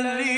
الذي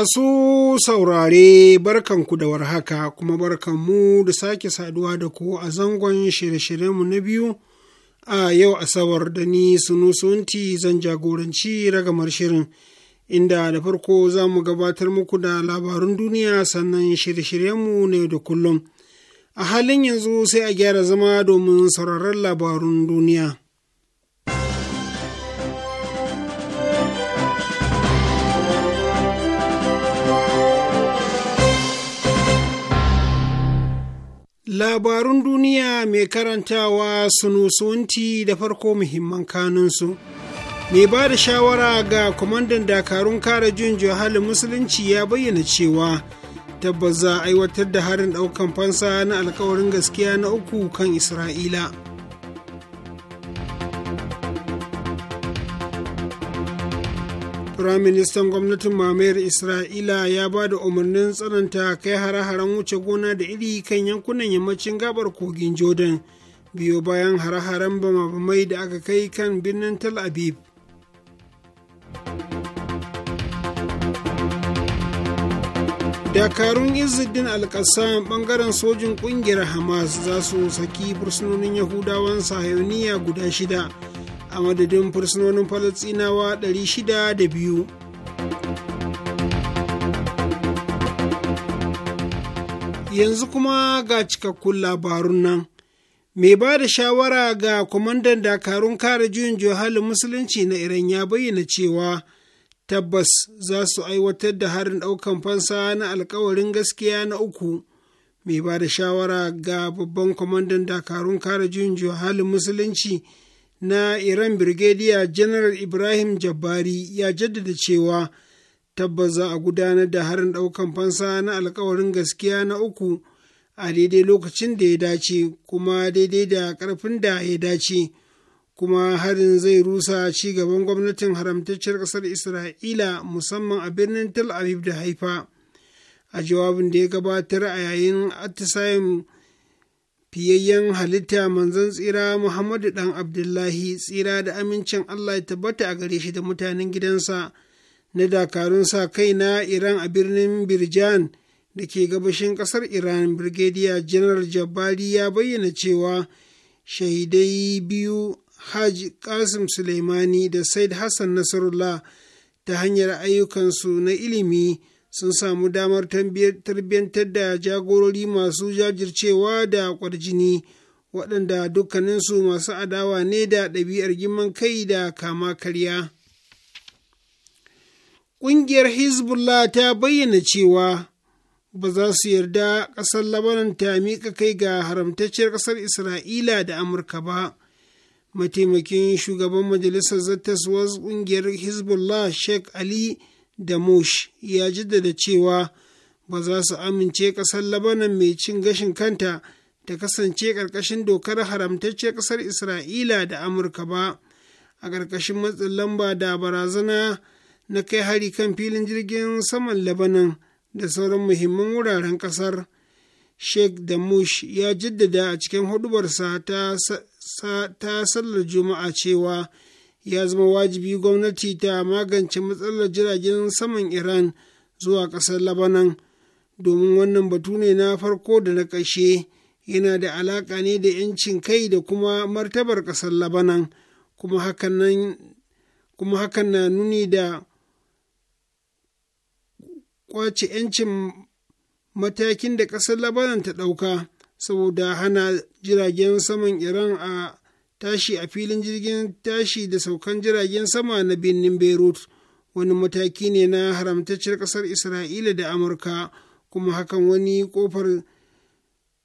Masu saurare barkanku da warhaka kuma barkanmu da sake saduwa da ku a zangon shirye-shiryenmu na biyu a yau asabar da ni sunusunti zan jagoranci ragamar shirin inda da farko za mu gabatar muku da labarun duniya sannan shirye-shiryenmu ne da kullum. A halin yanzu sai a gyara zama domin sauraron labarun duniya. Labarun duniya mai karantawa sunusunti da farko muhimman kanunsu. Mai ba da shawara ga kwamandan dakarun kare jin halin musulunci ya bayyana cewa tabbas za aiwatar da harin ɗaukan fansa na alkawarin gaskiya na uku kan Isra'ila. Firaministan gwamnatin mamayar Isra'ila ya ba da umarnin tsananta kai hare-haren wuce gona da iri kan yankunan yammacin gabar kogin Jordan, biyo bayan hare-haren bama mai da aka kai kan birnin Tel Aviv. dakarun izidin alkassam bangaren sojin kungiyar hamas za su saki fursunonin yahudawan sahayoniya guda shida a madadin fursunonin falasinawa biyu. yanzu kuma ga cikakkun labarun nan mai ba da shawara ga kwamandan dakarun kare juyin johalin musulunci na iran ya bayyana cewa tabbas za su aiwatar da harin ɗaukan fansa na alkawarin gaskiya na uku mai ba da shawara ga babban kwamandan dakarun kare juyin johalin musulunci na Iran Birgediya General Ibrahim jabari ya jaddada cewa tabbas za a gudanar da harin ɗaukan fansa na alkawarin gaskiya na uku a daidai lokacin da ya dace kuma daidai da karfin da ya dace kuma harin zai rusa ci gaban gwamnatin haramtacciyar ƙasar Isra'ila musamman a birnin Tel Aviv da Haifa. A jawabin da ya gabatar a yayin atisayen fiyayyen halitta manzon tsira Muhammadu ɗan Abdullahi tsira da amincin Allah ya tabbata a gare shi da mutanen gidansa na dakarun sa kai na Iran a birnin Birjan da ke gabashin ƙasar Iran Birgediya General Jabari ya bayyana cewa shahidai biyu hajj Kasim Suleimani da Said Hassan Nasarullah ta hanyar ayyukansu na ilimi sun samu damar tarbiyyantar da jagorori masu jajircewa da kwarjini waɗanda dukkaninsu masu adawa ne da ɗabi'ar girman kai da kama karya. Ƙungiyar Hezbollah ta bayyana cewa ba za su yarda ƙasar Labanan ta miƙa kai ga haramtacciyar ƙasar Isra'ila da Amurka ba. Mataimakin shugaban majalisar zattaswar ƙungiyar Hezbollah Sheikh Ali da mush ya jaddada cewa ba za su amince ƙasar labanan mai cin gashin kanta ta kasance ƙarƙashin dokar haramtacce ƙasar isra'ila da amurka ba a ƙarƙashin matsin lamba da barazana na kai hari kan filin jirgin saman labanan da sauran muhimman wuraren ƙasar sheikh damush ya jaddada a cikin hudubarsa ta sallar juma'a cewa ya zama wajibi gwamnati ta magance matsalar jiragen saman iran zuwa ƙasar labanan domin wannan batu ne na farko da na ƙashe yana da alaƙa ne da 'yancin kai da kuma martabar ƙasar labanan kuma hakan na nuni da kwace 'yancin matakin da ƙasar labanan ta ɗauka saboda hana jiragen saman iran a tashi a filin jirgin tashi da saukan jiragen sama na birnin beirut wani mataki ne na haramtacciyar ƙasar isra'ila da amurka kuma hakan wani kofar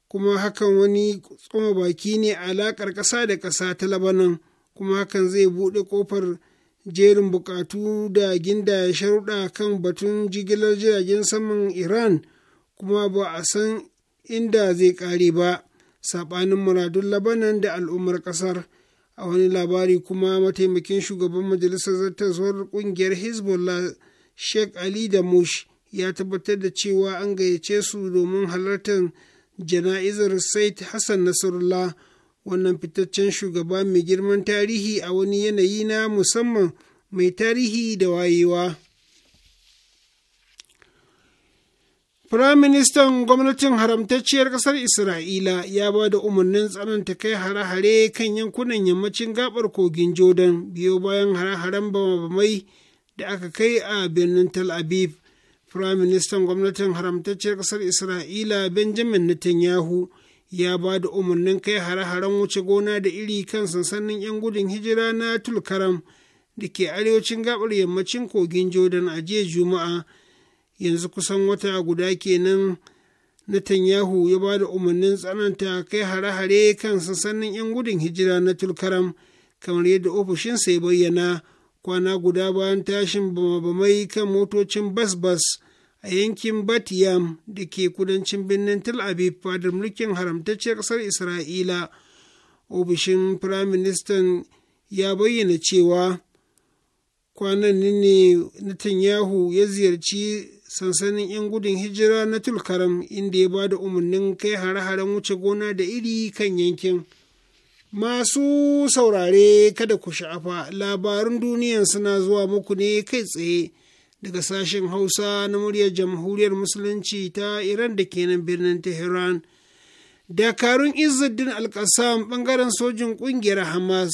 kuma hakan wani tsoma baki ne a alaƙar ƙasa da ƙasa ta labanan kuma hakan zai buɗe kofar jerin buƙatu da ginda ya sharuɗa kan batun jigilar jiragen saman iran kuma ba a san inda zai ƙare ba saɓanin muradun labanan da al'ummar ƙasar a wani labari kuma mataimakin shugaban majalisar zartaswar ƙungiyar hezbollah sheikh ali da mush ya tabbatar da cewa an gayyace su domin halartar jana'izar said hassan nasarullah wannan fitaccen shugaba mai girman tarihi a wani yanayi na musamman mai tarihi da wayewa. Firaministan gwamnatin haramtacciyar ƙasar Isra'ila ya ba da umarnin tsananta kai hare-hare kan yankunan yammacin gabar kogin Jordan biyo bayan hare-haren bamabamai da aka kai a birnin Tel Aviv. Firaministan gwamnatin haramtacciyar ƙasar Isra'ila Benjamin Netanyahu ya ba da umarnin kai hare-haren wuce gona da iri kan sansanin 'yan gudun hijira na Tulkaram da ke arewacin gabar yammacin kogin Jordan a jiya Juma'a. yanzu kusan wata guda kenan Netanyahu ya ba da umarnin tsananta kai hare-hare kan sansanin 'yan gudun hijira na Tulkaram kamar yadda ofishinsa ya bayyana kwana guda bayan tashin bamabamai kan motocin bas-bas a yankin Batiyam da ke kudancin birnin Tel Aviv fadar mulkin haramtacciyar ƙasar Isra'ila. Ofishin Firaministan ya bayyana cewa kwanan ne Netanyahu ya ziyarci sansanin 'yan gudun hijira na tulkaram inda ya ba da umarnin kai hare-haren wuce gona da iri kan yankin masu saurare kada ku sha'afa labarun duniyan suna zuwa muku ne kai tsaye daga sashen hausa na muryar jamhuriyar musulunci ta iran da kenan birnin tehran dakarun izzuddin alkasam bangaren sojin kungiyar hamas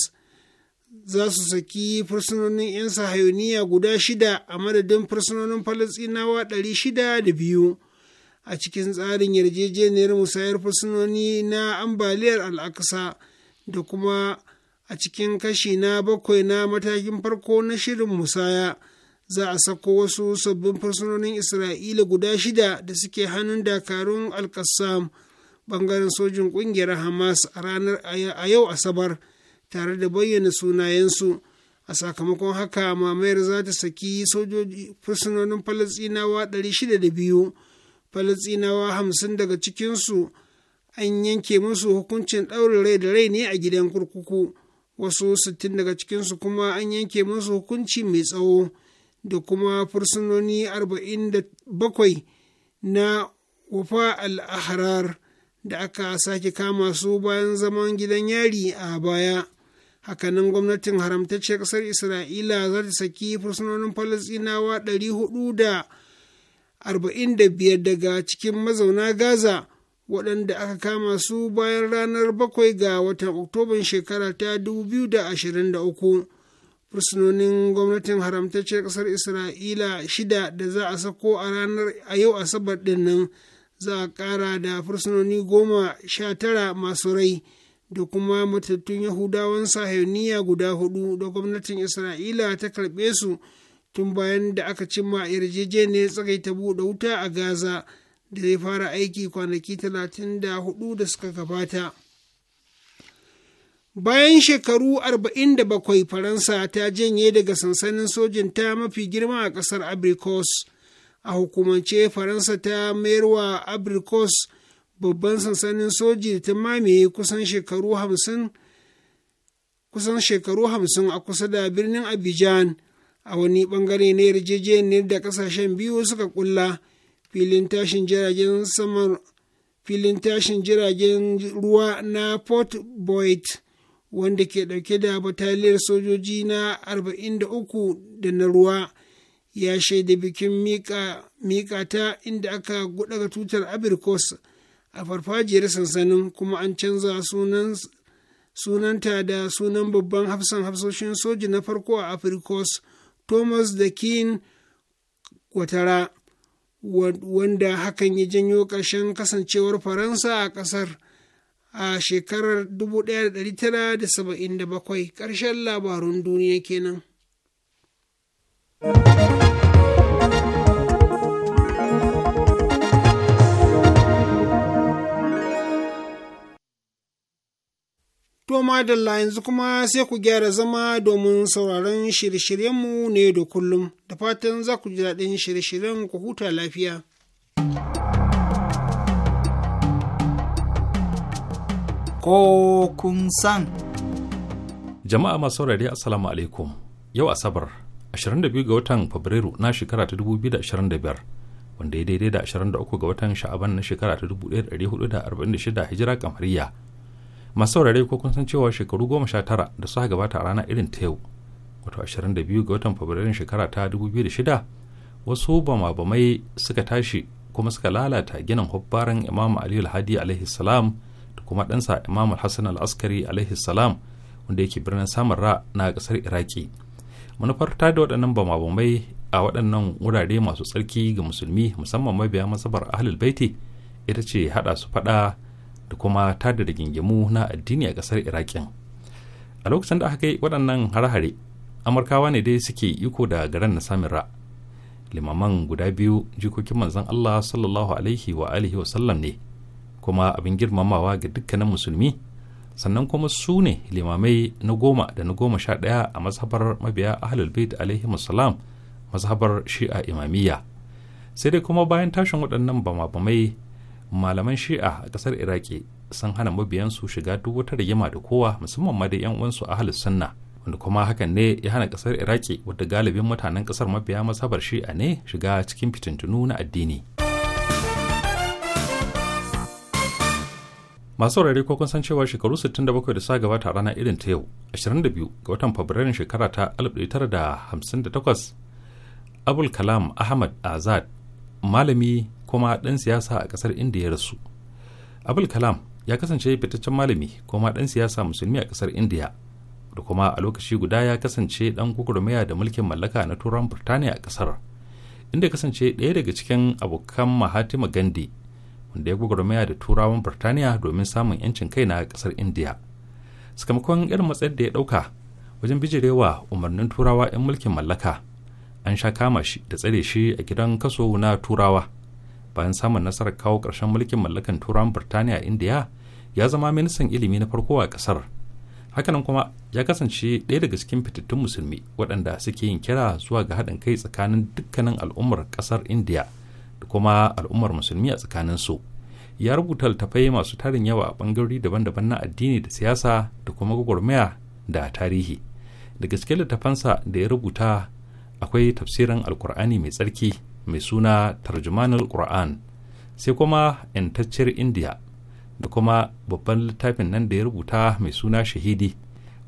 za su saki fursunonin 'yan sahayoniya guda shida a madadin fursunonin falasinawa ɗari shida da biyu a cikin tsarin yarjejeniyar musayar fursunoni na ambaliyar al'aksa da kuma a cikin kashi na bakwai na matakin farko na shirin musaya za a sako wasu sabbin fursunonin isra'ila guda shida da suke hannun dakarun alkassam bangaren sojin kungiyar hamas a ranar a yau asabar tare da bayyana sunayensu a sakamakon haka mamayar za ta saki sojoji fursunonin falasinawa 602 falasinawa 50 daga cikinsu an yanke musu hukuncin ɗaurin rai da rai ne a gidan kurkuku wasu 60 daga cikinsu kuma an yanke musu hukunci mai tsawo da kuma fursunoni 47 na wafa al'ahrar da aka sake kama su bayan zaman gidan yari a baya. hakanan gwamnatin haramtacciyar ƙasar isra'ila za ta saki fursunonin falasinawa 445 daga cikin mazauna gaza waɗanda aka kama su bayan ranar 7 ga watan oktoban shekara ta 2023 fursunonin gwamnatin haramtacciyar ƙasar isra'ila shida da za a sako a ranar a yau asabar ɗin nan za a ƙara da fursunoni goma sha tara masu rai da kuma matattun yahudawan sahayoniya guda hudu da gwamnatin isra'ila ta karɓe su tun bayan da aka cimma yarjejeniyar tsagaita buɗe wuta a gaza da zai fara aiki kwanaki talatin da hudu da suka gabata bayan shekaru 47 faransa ta janye daga sansanin sojin ta mafi girma a ƙasar abricos a hukumance faransa ta mayarwa abricos babban sansanin soji da ta mamaye kusan shekaru hamsin kusan shekaru hamsin a kusa da birnin abijan a wani bangare na yarjejeniyar da kasashen biyu suka kulla filin tashin jiragen saman filin tashin jiragen ruwa na port boyd wanda ke ɗauke da bataliyar sojoji na 43 da na ruwa ya shaida bikin mika ta inda aka gudaga tutar abirkos a farfajiyar sansanin kuma an canza sunan sunanta da sunan babban hafsan hafsoshin soji na farko a afirkos thomas da kin watara wanda hakan ya janyo ƙarshen kasancewar faransa a ƙasar a shekarar 1977 karshen labarun duniya kenan. To madalla yanzu kuma sai ku gyara zama domin sauraron shirye-shiryenmu ne da kullum, da fatan za ku ji daɗin shirye-shiryen ku huta lafiya. Ko kun san. Jama'a masu saurari Assalamu alaikum, yau Asabar, 22 ga watan Fabrairu na shekara ta 2025. wanda ya daidai da 23 ga watan sha'aban na shekara ta 1446 hijira kamariya masu saurare ko kun san cewa shekaru goma sha tara da suka gabata a rana irin ta yau wato 22 ga watan fabrairun shekara ta 2006 wasu bama-bamai suka tashi kuma suka lalata ginin hubbaran imam ali alhadi alaihi salam da kuma ɗansa imam hassan al-askari alaihi salam wanda yake birnin samarra na ƙasar iraki manufar ta da waɗannan bama-bamai a waɗannan wurare masu tsarki ga musulmi musamman mabiya masabar ahlul baiti ita ce haɗa su faɗa da kuma tada rigingimu na addini a kasar irakin a lokacin da aka kai waɗannan hare-hare amurkawa ne dai suke iko da garin na samira limaman guda biyu jikokin manzon allah sallallahu alaihi wa alihi wa sallam ne kuma abin girmamawa ga dukkanin musulmi sannan kuma su ne limamai na goma da na goma sha ɗaya a mazhabar mabiya ahlul bait alaihi salam mazhabar shi'a imamiyya sai dai kuma bayan tashin waɗannan bama-bamai malaman shi'a a kasar iraki sun hana mabiyansu shiga duk wata rigima da kowa musamman ma da yan uwansu a halin sunna wanda kuma hakan ne ya hana kasar iraki wadda galibin mutanen kasar mabiya masabar shi'a ne shiga cikin fitintunu na addini masu saurare ko kun san cewa shekaru 67 da sa gabata a rana irin ta yau 22 ga watan fabrairun shekara ta 1958 abul kalam ahmad azad malami kuma ɗan siyasa a ƙasar Indiya ya rasu abul kalam ya kasance fitaccen malami kuma ɗan siyasa musulmi a ƙasar indiya da kuma a lokaci guda ya kasance ɗan gwagwarmaya da mulkin mallaka na turan burtaniya a ƙasar inda ya kasance ɗaya daga cikin abokan mahatima Gandi wanda ya gwagwarmaya da turawan burtaniya domin samun 'yancin kai na ƙasar indiya sakamakon irin matsayar da ya ɗauka wajen bijirewa umarnin turawa 'yan mulkin mallaka an sha kama shi da tsare shi a gidan kaso na turawa bayan samun nasarar kawo ƙarshen mulkin mallakan turawan birtaniya a indiya ya zama ministan ilimi na farko a ƙasar hakanan kuma ya kasance ɗaya daga cikin fitattun musulmi waɗanda suke yin kira zuwa ga haɗin kai tsakanin dukkanin al'ummar ƙasar indiya da kuma al'ummar musulmi a tsakanin su ya rubuta littattafai masu tarin yawa a ɓangarori daban-daban na addini da siyasa da kuma gwagwarmaya da tarihi daga cikin littattafansa da ya rubuta akwai tafsirin alkur'ani mai tsarki mai suna tarjumanul qur'an sai kuma yantacciyar indiya da kuma babban littafin nan da ya rubuta mai suna shahidi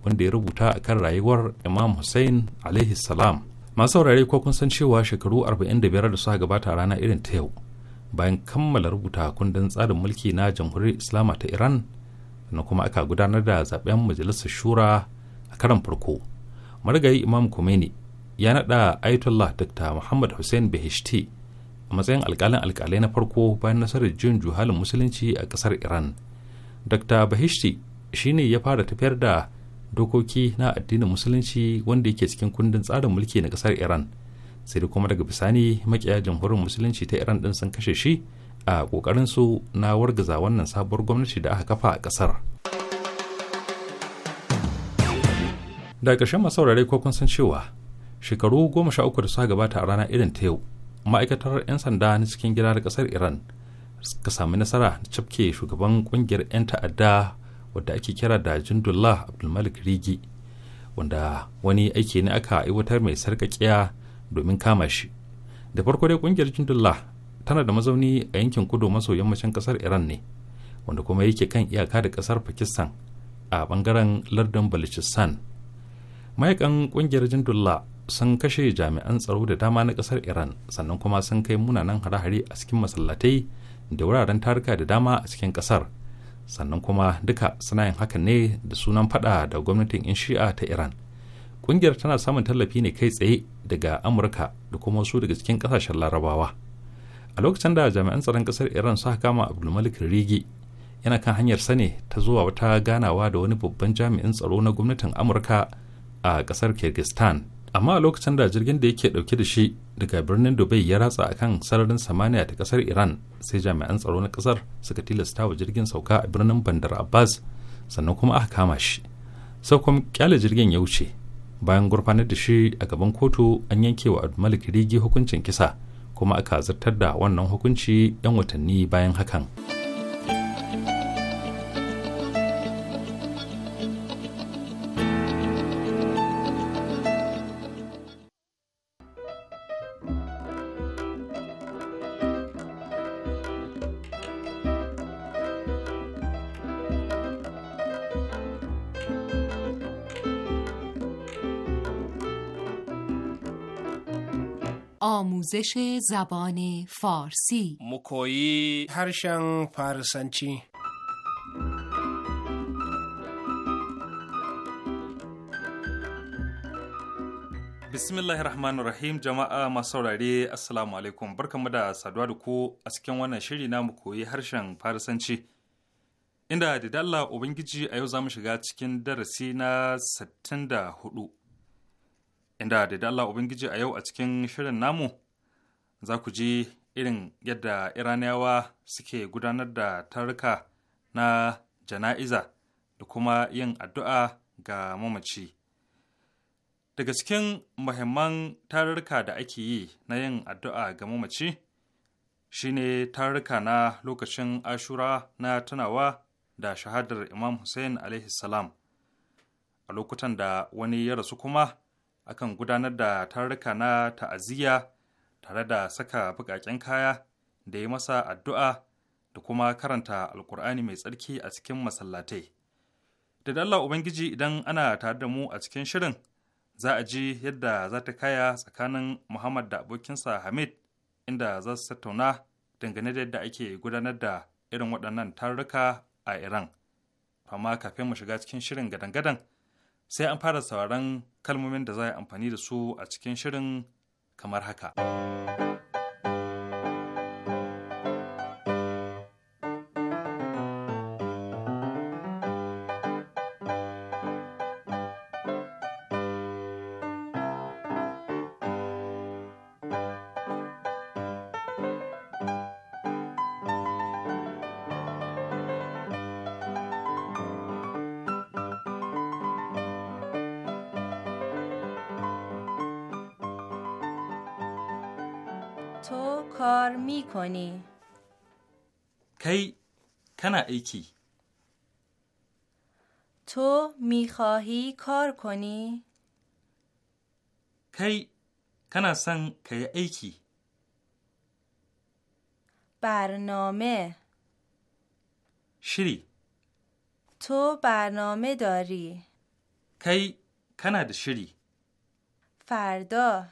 wanda ya rubuta a kan rayuwar imam hussein alaihi salam masu saurare ko kun san cewa shekaru 45 da suka gabata a rana irin ta yau bayan kammala rubuta kundin tsarin mulki na jamhuriyar islama ta iran na kuma aka gudanar da zaben majalisar shura a karan farko marigayi imam khomeini ya naɗa Ayatollah Dr. Muhammad Hussein bahishti a matsayin alkalin alkalai na farko bayan nasarar jin juhalin musulunci a ƙasar Iran. Dr. shi ne ya fara tafiyar da dokoki na addinin musulunci wanda yake cikin kundin tsarin mulki na ƙasar Iran. Sai da kuma daga bisani makiya jamhuriyar musulunci ta Iran ɗin sun kashe shi a ƙoƙarin su na wargaza wannan sabuwar gwamnati da aka kafa a ƙasar. Da ƙarshen masaurare ko kun san cewa shekaru goma sha uku da suka gabata a rana irin ta yau ma'aikatar 'yan sanda na cikin gida na kasar iran suka sami nasara da cafke shugaban kungiyar 'yan ta'adda wadda ake kira da jindullah abdulmalik rigi wanda wani aiki ne aka aiwatar mai sarkakiya domin kama shi da farko dai kungiyar jindullah tana da mazauni a yankin kudu maso yammacin kasar iran ne wanda kuma yake kan iyaka da kasar pakistan a bangaren lardin balochistan mayakan kungiyar jindullah sun kashe jami'an tsaro da dama na kasar iran sannan kuma sun kai munanan hare-hare a cikin masallatai da wuraren taruka da dama a cikin kasar sannan kuma duka suna yin hakan ne da sunan fada da gwamnatin in shi'a ta iran kungiyar tana samun tallafi ne kai tsaye daga amurka da kuma wasu daga cikin kasashen larabawa a lokacin da jami'an tsaron kasar iran suka kama abdulmalik rigi yana kan hanyar sane ta zuwa wata ganawa da wani babban jami'in tsaro na gwamnatin amurka a kasar kyrgyzstan amma a lokacin da jirgin da yake dauke da shi daga birnin dubai ya ratsa a kan sararin samaniya ta kasar iran sai jami'an tsaro na kasar suka tilasta wa jirgin sauka a birnin bandar abbas sannan kuma aka kama shi sau kuma kyale jirgin ya wuce bayan gurfanar da shi a gaban kotu an yanke wa malik rigi hukuncin kisa kuma aka zartar da wannan hukunci 'yan watanni bayan hakan. آموزش زبان فارسی مکویی هرشن فارسنچی bismillahi rahim jama'a masu saurare assalamu alaikum da saduwa da ku a cikin wannan shiri na mu koyi harshen farisanci inda da dalla ubangiji a yau za mu shiga cikin darasi na sittin da 64 inda da Allah Ubangiji a yau a cikin shirin namu za ku ji irin yadda Iraniyawa suke gudanar da taruka na jana'iza da kuma yin addu'a ga mamaci. Daga cikin muhimman tarurruka da ake yi na yin addu'a ga mamaci shine tarurruka na lokacin ashura na tunawa da shahadar Imam Hussein salam a lokutan da wani ya rasu kuma akan gudanar da tarurruka na ta'aziyya tare da saka buƙaƙen kaya da yi masa addu'a da kuma karanta alkur'ani mai tsarki a cikin masallatai da Allah ubangiji idan ana tare da mu a cikin shirin za a ji yadda za ta kaya tsakanin muhammad da abokinsa hamid inda za su tattauna dangane da yadda ake gudanar da irin waɗannan tarurruka a iran amma kafin mu shiga cikin shirin gadan-gadan sai an fara sauran kalmomin da za a yi amfani da su a cikin shirin kamar haka. تو میخواهی کار کنی؟ کی کنا سن کی ایکی برنامه شری تو برنامه داری کی کنا شری فردا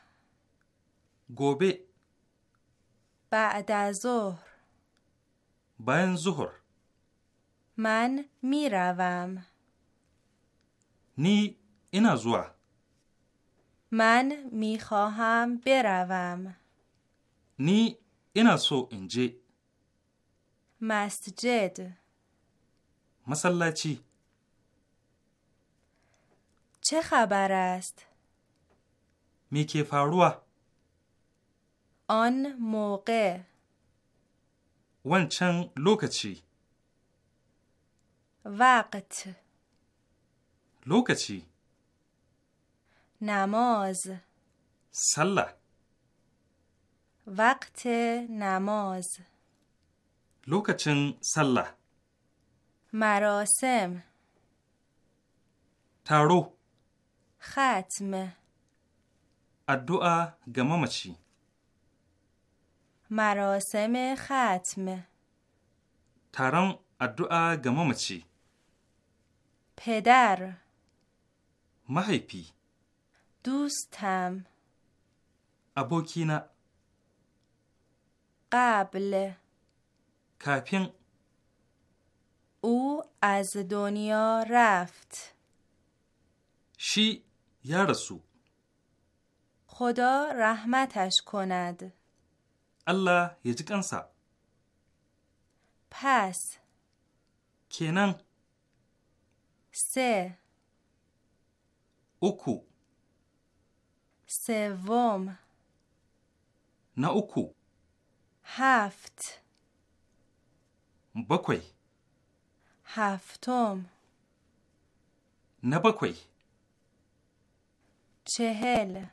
گوبه بعد از ظهر بعد ظهر من میروم نی اینا زوا من میخواهم بروم نی اینا سو انجی مسجد مسلاچی چه خبر است؟ میکی فاروا آن موقع ونچن لوکچی وقت لوکچی نماز سله وقت نماز لوکچن سله مراسم تارو ختم addu'a ga mamaci. Marasame khatm. Taron addu'a ga mamaci. پدر محبی دوستم ابوکینا قبل کپین او از دنیا رفت شی یارسو خدا رحمتش کند الله یجکنسا پس کنن سه اوکو سوم نه اوکو هفت بکوی هفتم نه بکوی چهل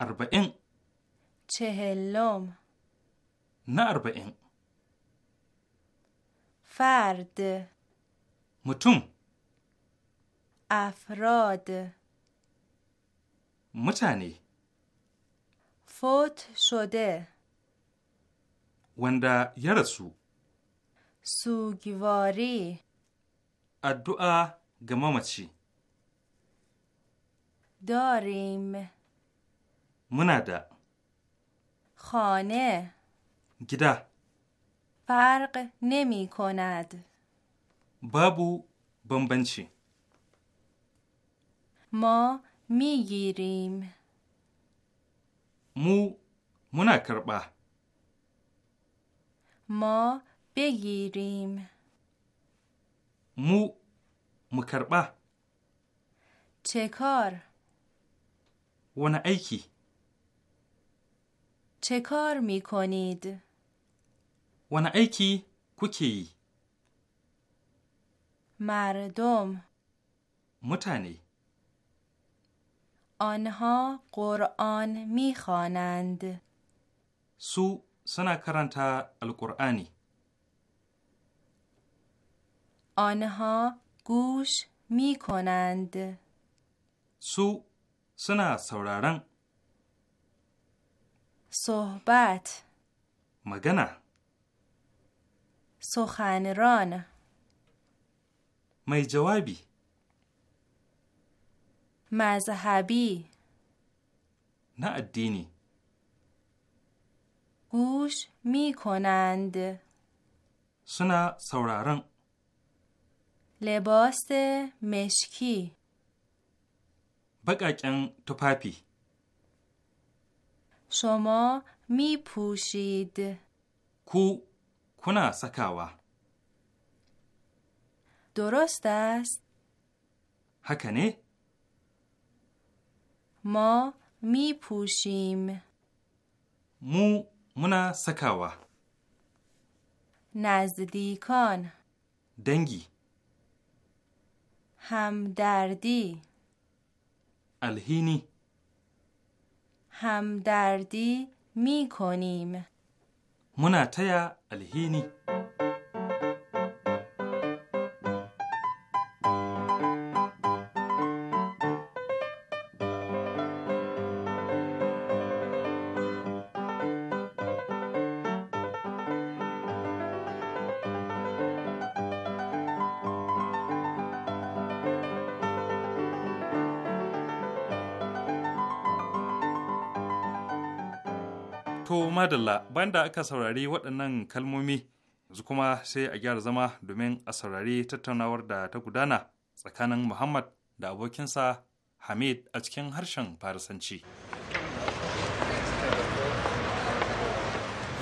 اربعین چهلم نه اربعین فرد متون افراد متانی فوت شده وندا یرسو سوگواری ادعا گمامچی داریم منادا خانه گیده فرق نمی کند babu bambanci ma migirim mu muna karɓa ma begirim mu mu karɓa cekar wani aiki cekar mikonid wani aiki kuke yi مردم متنی آنها قرآن میخوانند سو سنا کرانتا القرآنی آنها گوش می کنند سو سنا سورارن صحبت مگنا سخنران mai jawabi Mazhabi. na addini gush mi konand suna sauraron lebaste meshki baƙaƙen tufafi shomo mi pushid ku kuna sakawa درست است؟ هکنه؟ ما می پوشیم مو منا سکاوا نزدیکان دنگی همدردی الهینی همدردی می کنیم مناتیا الهینی madalla da aka saurari waɗannan kalmomi yanzu kuma sai a gyara zama domin a saurari tattaunawar da ta gudana tsakanin Muhammad da abokinsa Hamid a cikin harshen Farisanci.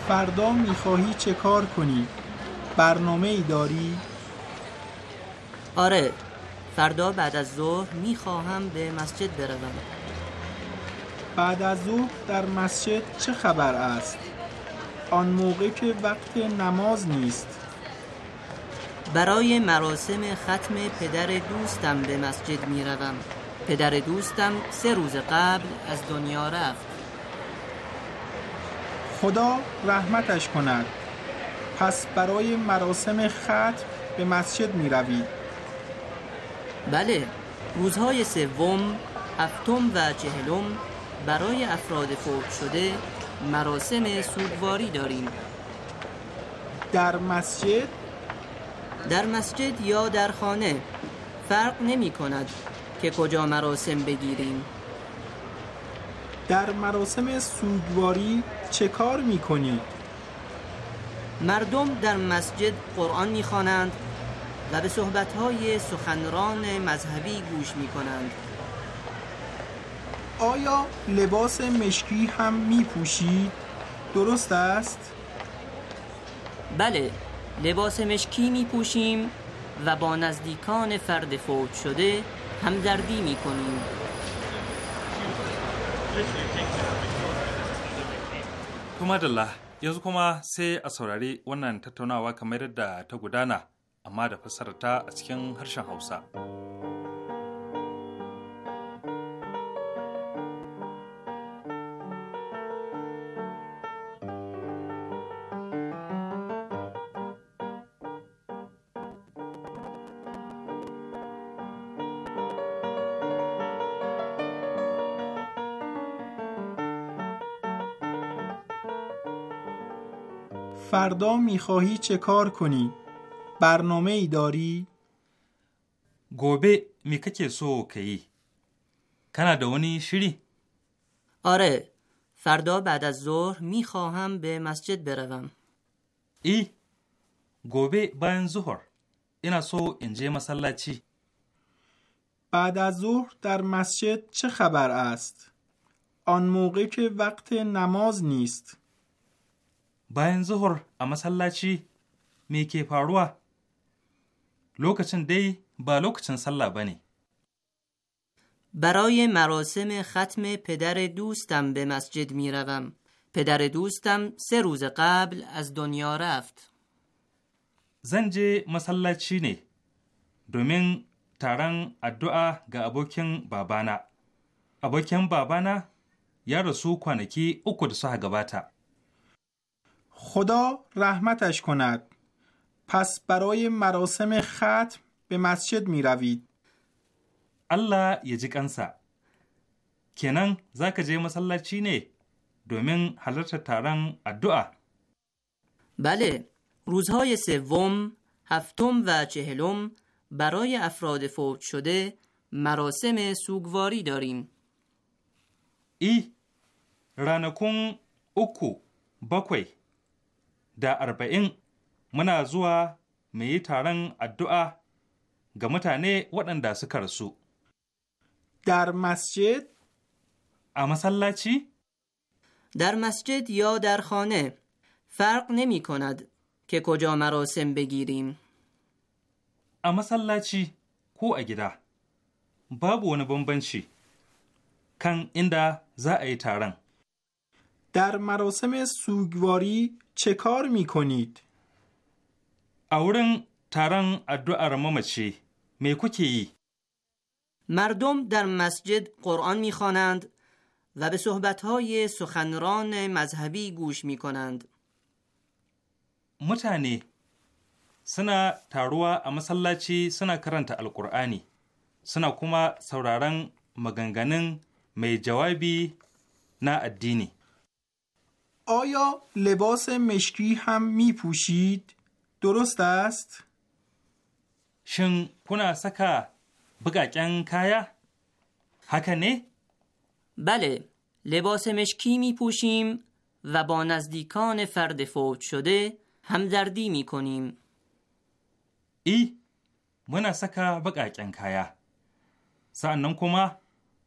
فردا میخواهی چه کار کنی؟ برنامه ای داری؟ آره فردا بعد از ظهر میخواهم به مسجد بروم بعد از ظهر در مسجد چه خبر است آن موقع که وقت نماز نیست برای مراسم ختم پدر دوستم به مسجد می روم. پدر دوستم سه روز قبل از دنیا رفت خدا رحمتش کند پس برای مراسم ختم به مسجد می روید بله روزهای سوم، هفتم و چهلم برای افراد فوت شده مراسم سوگواری داریم در مسجد در مسجد یا در خانه فرق نمی کند که کجا مراسم بگیریم در مراسم سوگواری چه کار می کنید؟ مردم در مسجد قرآن می خوانند و به صحبتهای سخنران مذهبی گوش می کنند آیا لباس مشکی هم می پوشید؟ درست است؟ بله لباس مشکی می پوشیم و با نزدیکان فرد فوت شده هم دردی می کنیم kuma dalla yanzu kuma sai a saurari wannan tattaunawa kamar yadda ta gudana amma da fassarta a cikin harshen hausa فردا میخواهی چه کار کنی؟ برنامه ای داری؟ گوبه میکچه سو کی کنا شیری آره فردا بعد از ظهر میخواهم به مسجد بروم ای گوبه باین ظهر اینا سو انجه چی بعد از ظهر در مسجد چه خبر است؟ آن موقع که وقت نماز نیست bayan zuhur a masallaci me ke faruwa lokacin dai ba lokacin sallah ba ne برای مراسم ختم پدر دوستم به مسجد می روم. پدر دوستم سه روز قبل از دنیا رفت. زنج مسلچی نه دومین تران الدعا گا ابوکن بابانا. ابوکن بابانا یا رسو کwanaki uku da suka gabata. خدا رحمتش کند پس برای مراسم ختم به مسجد می روید الله یه ji کنن زاک جای ka حالت masallaci ne domin بله روزهای سوم، هفتم و چهلم برای افراد فوت شده مراسم سوگواری داریم. ای رانکون اوکو باکوی da arba'in muna zuwa mu yi taron addu'a ga mutane waɗanda suka rasu. Dar masjid? A masallaci? Dar masjid yo dar khane, farq nemi konad ke kojo marasim begirim. A masallaci ko a gida, babu wani bambanci kan inda za a yi taron. Dar marasimin sugwari چه کار می کنید؟ اورن تران ادعا ممچی میکوکی مردم در مسجد قرآن میخوانند و به صحبتهای سخنران مذهبی گوش می کنند. متعنی سنا تاروا a masallaci suna karanta alkur'ani suna kuma sauraron maganganun mai jawabi na addini. آیا لباس مشکی هم می پوشید؟ درست است؟ شن کنا سکا بگاکن کایا؟ هکنه؟ بله لباس مشکی می پوشیم و با نزدیکان فرد فوت شده همدردی می کنیم ای muna saka baƙaƙen کایا sa'an کما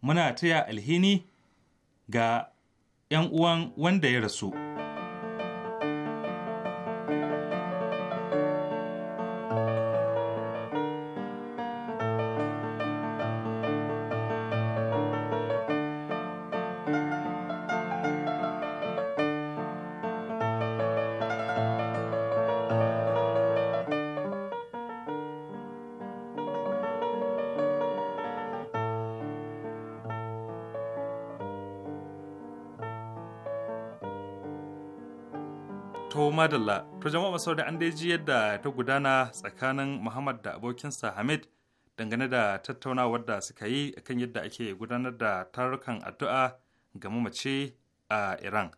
منا تیا الهینی گا 'yan uwan wanda ya rasu. madalla to jama'a masu da an daji yadda ta gudana tsakanin muhammad da abokinsa hamid dangane da tattaunawar da suka yi kan yadda ake gudanar da tarukan addu'a ga mamace a iran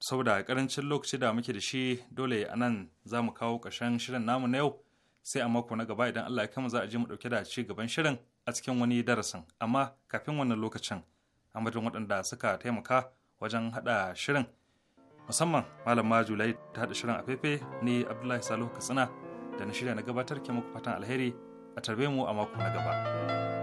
saboda karancin lokaci da muke da shi dole a nan za mu kawo ƙarshen shirin namu na yau sai a mako na gaba idan allah ya kama za a je mu ɗauke da ci gaban shirin a cikin wani darasin amma kafin wannan lokacin a waɗanda suka taimaka wajen haɗa shirin musamman malam majulai ta haɗa shirin afefe ne abdullahi salihu katsina da na shirya na gabatar ke muku fatan alheri a tarbe mu a mako na gaba.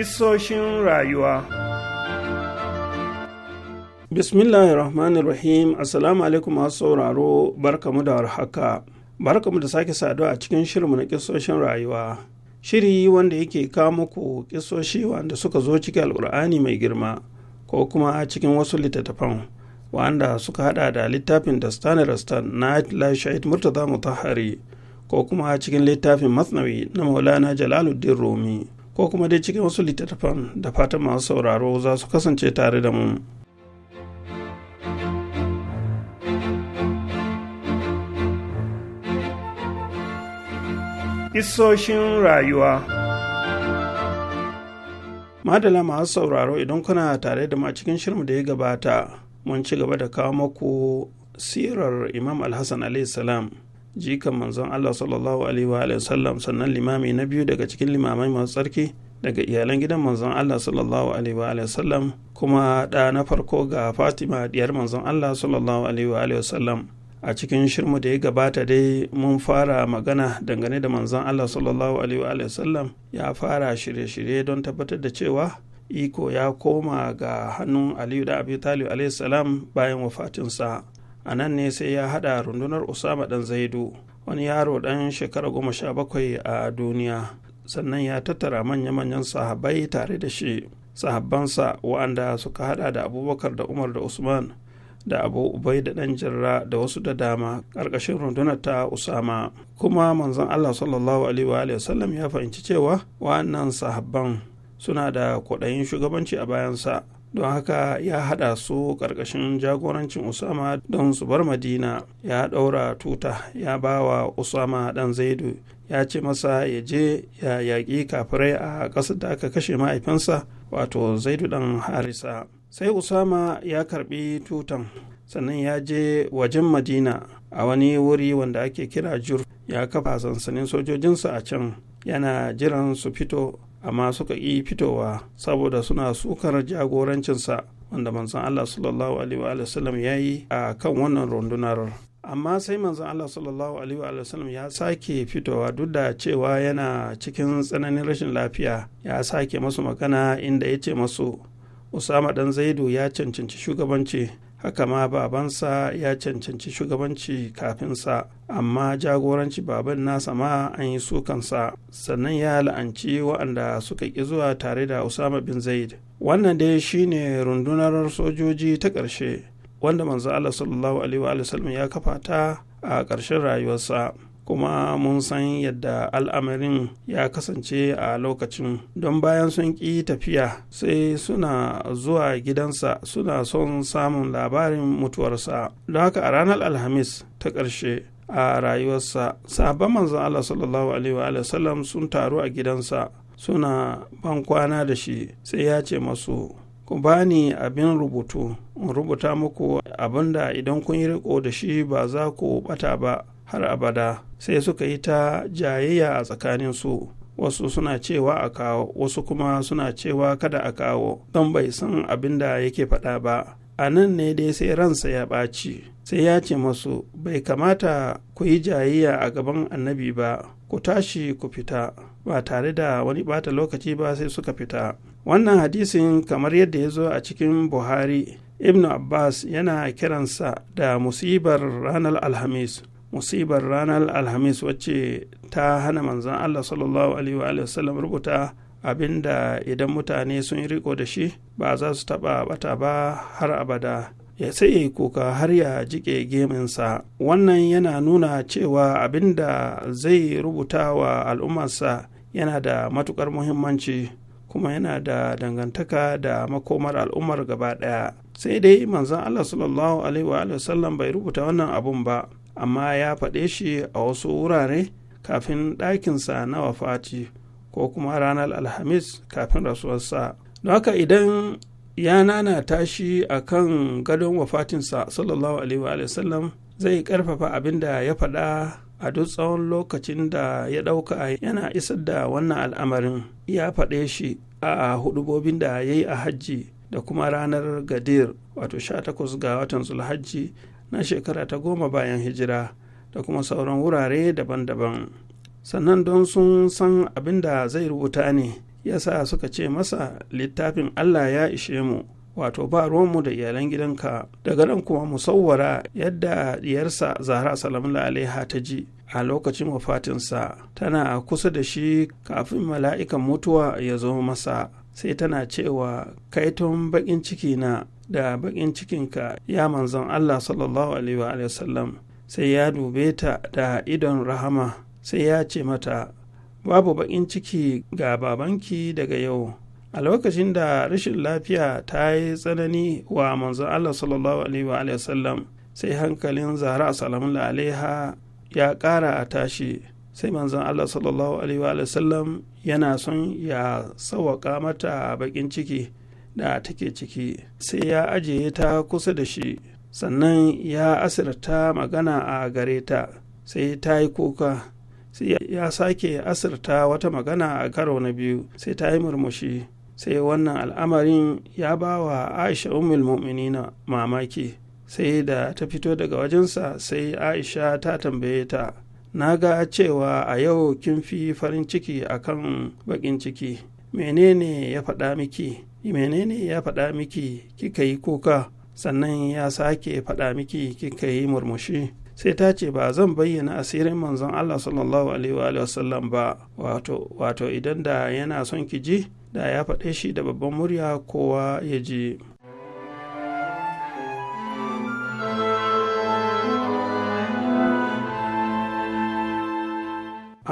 Isoshin rayuwa Bismillahirrahmanirrahim Assalamu alaikum masu sauraro barkamu da warhaka. Barkamu da sake saduwa a cikin shirinmu na kisoshin rayuwa. Shiri wanda yake kawo muku kisoshi wanda suka zo cikin alkur'ani mai girma ko kuma cikin wasu littattafan wanda suka hada da littafin da stan na Shahid Murtaza Mutahari ko kuma cikin littafin Masnawi na Maulana Jalaluddin Rumi. ko kuma dai cikin wasu littattafan da fatan masu sauraro za su kasance tare da mu. Isoshin rayuwa Madala masu sauraro idan kuna tare da ma cikin shirin da ya gabata, mun ci gaba da kawo maku sirar Imam Alhassan salam jikan manzon Allah sallallahu alaihi wa sallam sannan limami na biyu daga cikin limamai masu tsarki daga iyalan gidan manzon Allah sallallahu alaihi wa sallam kuma ɗa na farko ga Fatima diyar manzon Allah sallallahu alaihi wa sallam a cikin shirmu da ya gabata dai mun fara magana dangane da manzon Allah sallallahu alaihi wa sallam ya fara shirye-shirye don tabbatar da cewa iko ya koma ga hannun Aliyu da Abi Talib alaihi salam bayan wafatinsa a nan ne sai ya haɗa rundunar usama ɗan zaidu wani yaro ɗan shekara goma sha bakwai a duniya sannan ya tattara manya-manyan sahabai tare da shi sahabbansa wa'anda suka hada da abubakar da umar da usman da abu ubai da ɗan jirra da wasu da dama karkashin rundunar ta usama kuma manzon allah sallallahu alaihi wa ya fahimci cewa wa'annan sahabban suna da kwaɗayin shugabanci a bayansa don haka ya hada su ƙarƙashin jagorancin usama don su bar madina ya ɗaura tuta ya ba usama ɗan zaidu ya ce masa ya je ya yaƙi kafirai a ƙasar da aka kashe mahaifinsa wato zaidu ɗan harisa sai usama ya karbi tutan sannan ya je wajen madina a wani wuri wanda ake kira jur ya kafa sansanin sojojinsa a can yana jiran su fito amma suka ƙi fitowa saboda suna sukar jagorancinsa wanda manzon Allah sallallahu alaihi wa ya yi a kan wannan rundunar amma sai manzon Allah sallallahu alaihi wa ya sake fitowa duk da cewa yana cikin tsananin rashin lafiya ya sake masu magana inda ya ce masu Usama ɗan Zaidu ya cancanci shugabanci haka ma babansa ya cancanci shugabanci kafinsa amma jagoranci baban nasa ma an yi sukansa sannan ya la'anci waɗanda suka ƙi zuwa tare da usama bin zaid wannan dai shine rundunar sojoji ta ƙarshe wanda manzo allah sallallahu alaihi wa sallam ya kafa ta a ƙarshen rayuwarsa kuma mun san yadda al'amarin ya kasance a lokacin don bayan sun ƙi tafiya sai suna zuwa gidansa suna son samun labarin mutuwarsa don haka a ranar alhamis ta ƙarshe a rayuwarsa sabon manzon Allah sallallahu alaihi wa sun taru a gidansa suna ban kwana da shi sai ya ce masu ku bani abin rubutu in rubuta muku abin da idan kun yi riko da shi ba za ku bata ba har abada sai suka yi ta jayayya a tsakanin su wasu suna cewa a kawo wasu kuma suna cewa kada a kawo don bai san abin da yake faɗa ba a nan ne dai sai ransa ya ɓaci sai ya ce masu bai kamata ku yi jayayya a gaban annabi ba ku tashi ku fita ba tare da wani bata lokaci ba sai suka fita wannan hadisin kamar yadda ya zo a cikin buhari ibnu abbas yana kiransa da musibar ranar alhamis musibar ranar alhamis wacce ta hana manzan allah sallallahu alaihi sallam rubuta abin da idan mutane sun riko da shi ba za su taɓa bata ba har abada ya sai ya kuka har ya jike geminsa wannan yana nuna cewa abinda zai rubuta wa al'ummarsa yana da matukar muhimmanci kuma yana da dangantaka da makomar al'ummar gaba ɗaya sai dai manzan allah sallallahu alaihi sallam bai rubuta wannan abun ba amma ya faɗe shi a wasu wurare kafin ɗakinsa na wafati ko kuma ranar alhamis kafin rasuwarsa don haka idan ya nana tashi a kan gadon wafatinsa sallallahu alaihi wa sallam zai ƙarfafa abin da ya faɗa a duk tsawon lokacin da ya ɗauka yana isar da wannan al'amarin ya faɗe shi a hudubobin da ya yi a hajji da kuma ranar gadir wato 18 ga watan zulhajji na shekara ta goma bayan hijira da kuma sauran wurare daban-daban sannan don sun san abin da zai rubuta ne Ya sa suka ce masa littafin allah ya ishe mu wato ba ruwanmu da iyalan gidanka daga nan kuma musawwara yadda diyarsa zahra salamula alaiha ta ji a lokacin wafatinsa tana kusa da shi kafin mala'ikan mutuwa ya zo masa sai tana cewa kaiton bakin ciki na da baƙin cikinka ya manzon Allah sallallahu alaihi wasallam sai ya dube ta da idon rahama sai ya ce mata babu baƙin ciki ga babanki daga yau a lokacin da rashin lafiya ta yi tsanani wa manzon Allah sallallahu alaihi wasallam sai hankalin zara salamun alaiha ya ƙara a tashi sai manzon Allah sallallahu alaihi wasallam yana son ya sawaka mata baƙin ciki da take ciki sai ya ajiye ta kusa da shi sannan ya asirta magana a gare ta sai ta yi kuka sai ya sake asirta wata magana a karo na biyu sai ta yi murmushi sai wannan al'amarin ya ba wa aisha umul mu'minina mamaki sai da ta fito daga wajensa sai aisha ta tambaye ta na ga cewa a yau kin fi farin ciki kan bakin ciki menene ya faɗa miki menene ya faɗa miki kika yi kuka sannan ya sake faɗa miki kika yi murmushi sai ta ce ba zan bayyana asirin manzon Allah sallallahu alaihi wa sallam ba wato wato idan da yana son ki ji da ya faɗe shi da babban murya kowa ya ji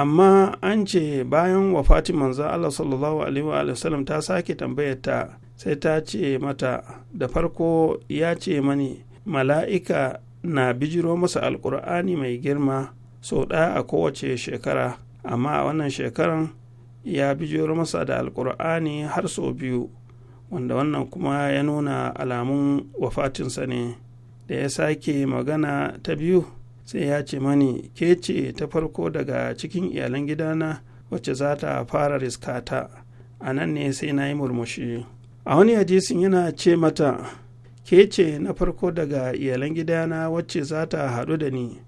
amma an ce bayan wafatin manzan Allah sallallahu alaihi sallam ta sake tambayar ta sai ta ce mata da farko ya ce mani mala'ika na bijiro masa alkur'ani mai girma sau ɗaya a kowace shekara amma a wannan shekaran ya bijiro masa da alkur'ani har sau biyu wanda wannan kuma ya nuna alamun wafatinsa ne da ya sake magana ta biyu sai ya ce mani ke ce ta farko daga cikin iyalan gidana wacce za ta fara riskata a nan ne sai na yi murmushi a wani hadisin yana ce mata ke ce na farko daga iyalan gidana wacce za ta haɗu da ni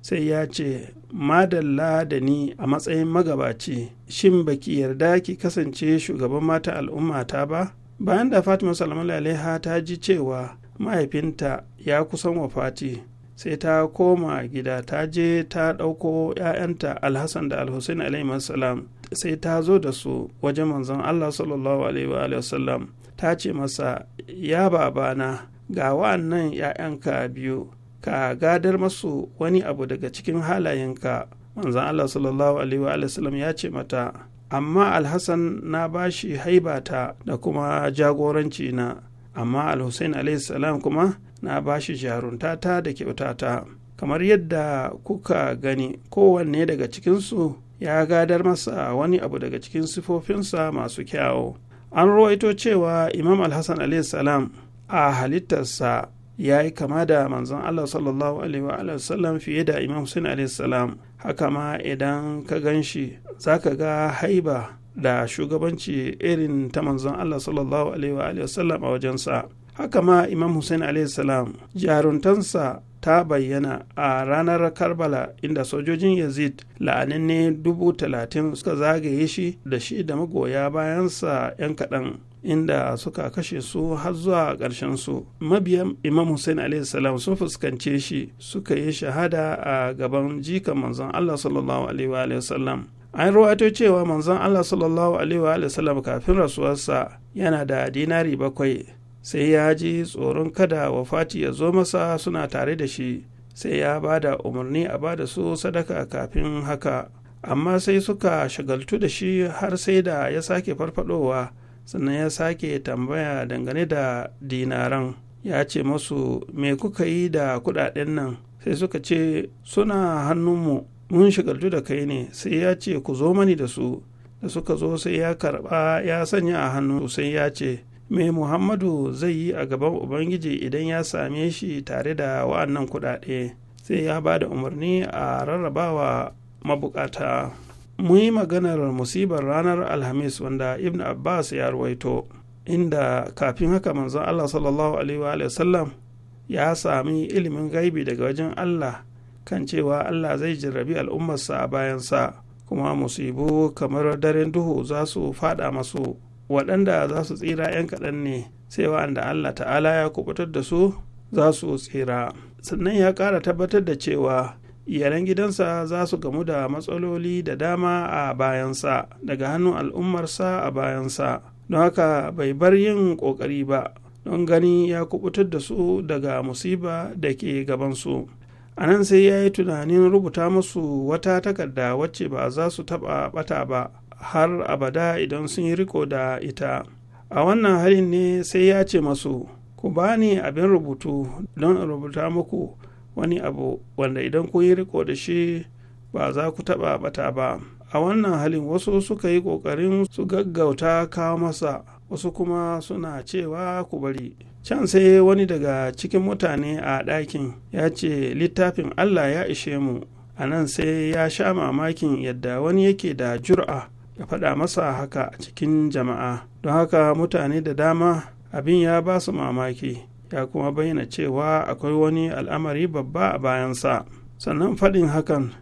sai ya ce madalla da ni a matsayin magabaci shin baki yarda ki kasance shugaban mata al'ummata ba bayan da fatima salamu ta ji cewa mahaifinta ya kusan wafati sai ta koma gida ta je ta ɗauko 'ya'yanta alhassan da alhussein sai ta zo da su wajen manzon allah sallallahu alaihi sallam ta ce masa ya babana ga wa'annan 'ya'yanka biyu ka gadar masu wani abu daga cikin halayenka manzon allah sallallahu alaihi sallam ya ce mata amma alhassan na bashi haibata da kuma jagoranci na amma alhussein salam kuma na ba bashi jaruntata da kyautata kamar yadda kuka gani kowanne daga cikinsu ya gadar masa wani abu daga cikin sifofinsa masu kyawu an ruwaito cewa imam alhassan salam a halittarsa ya yi kama da manzon allah sallallahu alaihi fiye da imam hussein salam haka ma idan ka gan shi za ka ga haiba da shugabanci irin ta manzon Allah sallallahu alaihi wa sallam a wajensa haka ma imam Hussein alaihi salam jaruntansa ta bayyana a ranar karbala inda sojojin yazid la'aninne dubu talatin suka zagaye shi da shi da magoya bayansa 'yan kaɗan inda suka kashe su har zuwa ƙarshen su mabiyan imam hussein salam sun fuskance shi suka yi shahada a gaban jikan manzon allah sallallahu alaihi wa sallam an rawato cewa manzon allah sallallahu alaihi wa sallam kafin rasuwarsa yana da dinari bakwai sai ya ji tsoron kada wafati ya zo masa suna tare da shi sai ya ba da umarni a ba da su sadaka kafin haka amma sai suka shagaltu da shi har sai da ya sake farfadowa sannan ya sake tambaya dangane da dinaran ya ce masu me kuka yi da kudaden nan sai suka ce suna hannunmu mun shigaltu da kai ne sai ya ce ku zo mani da su da suka zo sai ya karba ya sanya a hannu sai ya ce me muhammadu zai yi a gaban ubangiji idan ya same shi tare da wa'annan kuɗaɗe sai ya ba da umarni a rarrabawa mabukata mun yi maganar musibar ranar alhamis wanda ibn abbas ya ruwaito inda kafin haka manzon allah sallallahu alaihi wa sallam ya sami ilimin gaibi daga wajen allah kan cewa allah zai jarrabi al'ummarsa a bayansa kuma musibu kamar daren duhu za su fada masu waɗanda za su tsira 'yan kaɗan ne sai wa'anda allah ta'ala ya kubutar da su za su tsira sannan ya ƙara tabbatar da cewa iyalan gidansa za su gamu da matsaloli da dama a bayansa daga hannun al'ummarsa a bayansa don haka bai bar yin ƙoƙari ba don gani ya kubutar da su daga musiba da ke gabansu a nan sai ya yi tunanin rubuta musu wata takarda wacce ba za su taɓa ɓata ba har abada idan sun yi riko da ita a wannan halin ne sai ya ce masu ku ba ni abin rubutu don in rubuta muku wani abu wanda idan kun yi riko da shi ba za ku taɓa ɓata ba a wannan halin wasu suka yi ƙoƙarin su gaggauta kawo masa wasu kuma suna cewa ku bari can sai wani daga cikin mutane a ɗakin ya ce littafin allah ya ishe mu a nan sai ya sha mamakin yadda wani yake da jur'a ya faɗa masa haka a cikin jama'a don haka mutane da dama abin ya ba su mamaki ya kuma bayyana cewa akwai wani al'amari babba a bayansa sannan faɗin hakan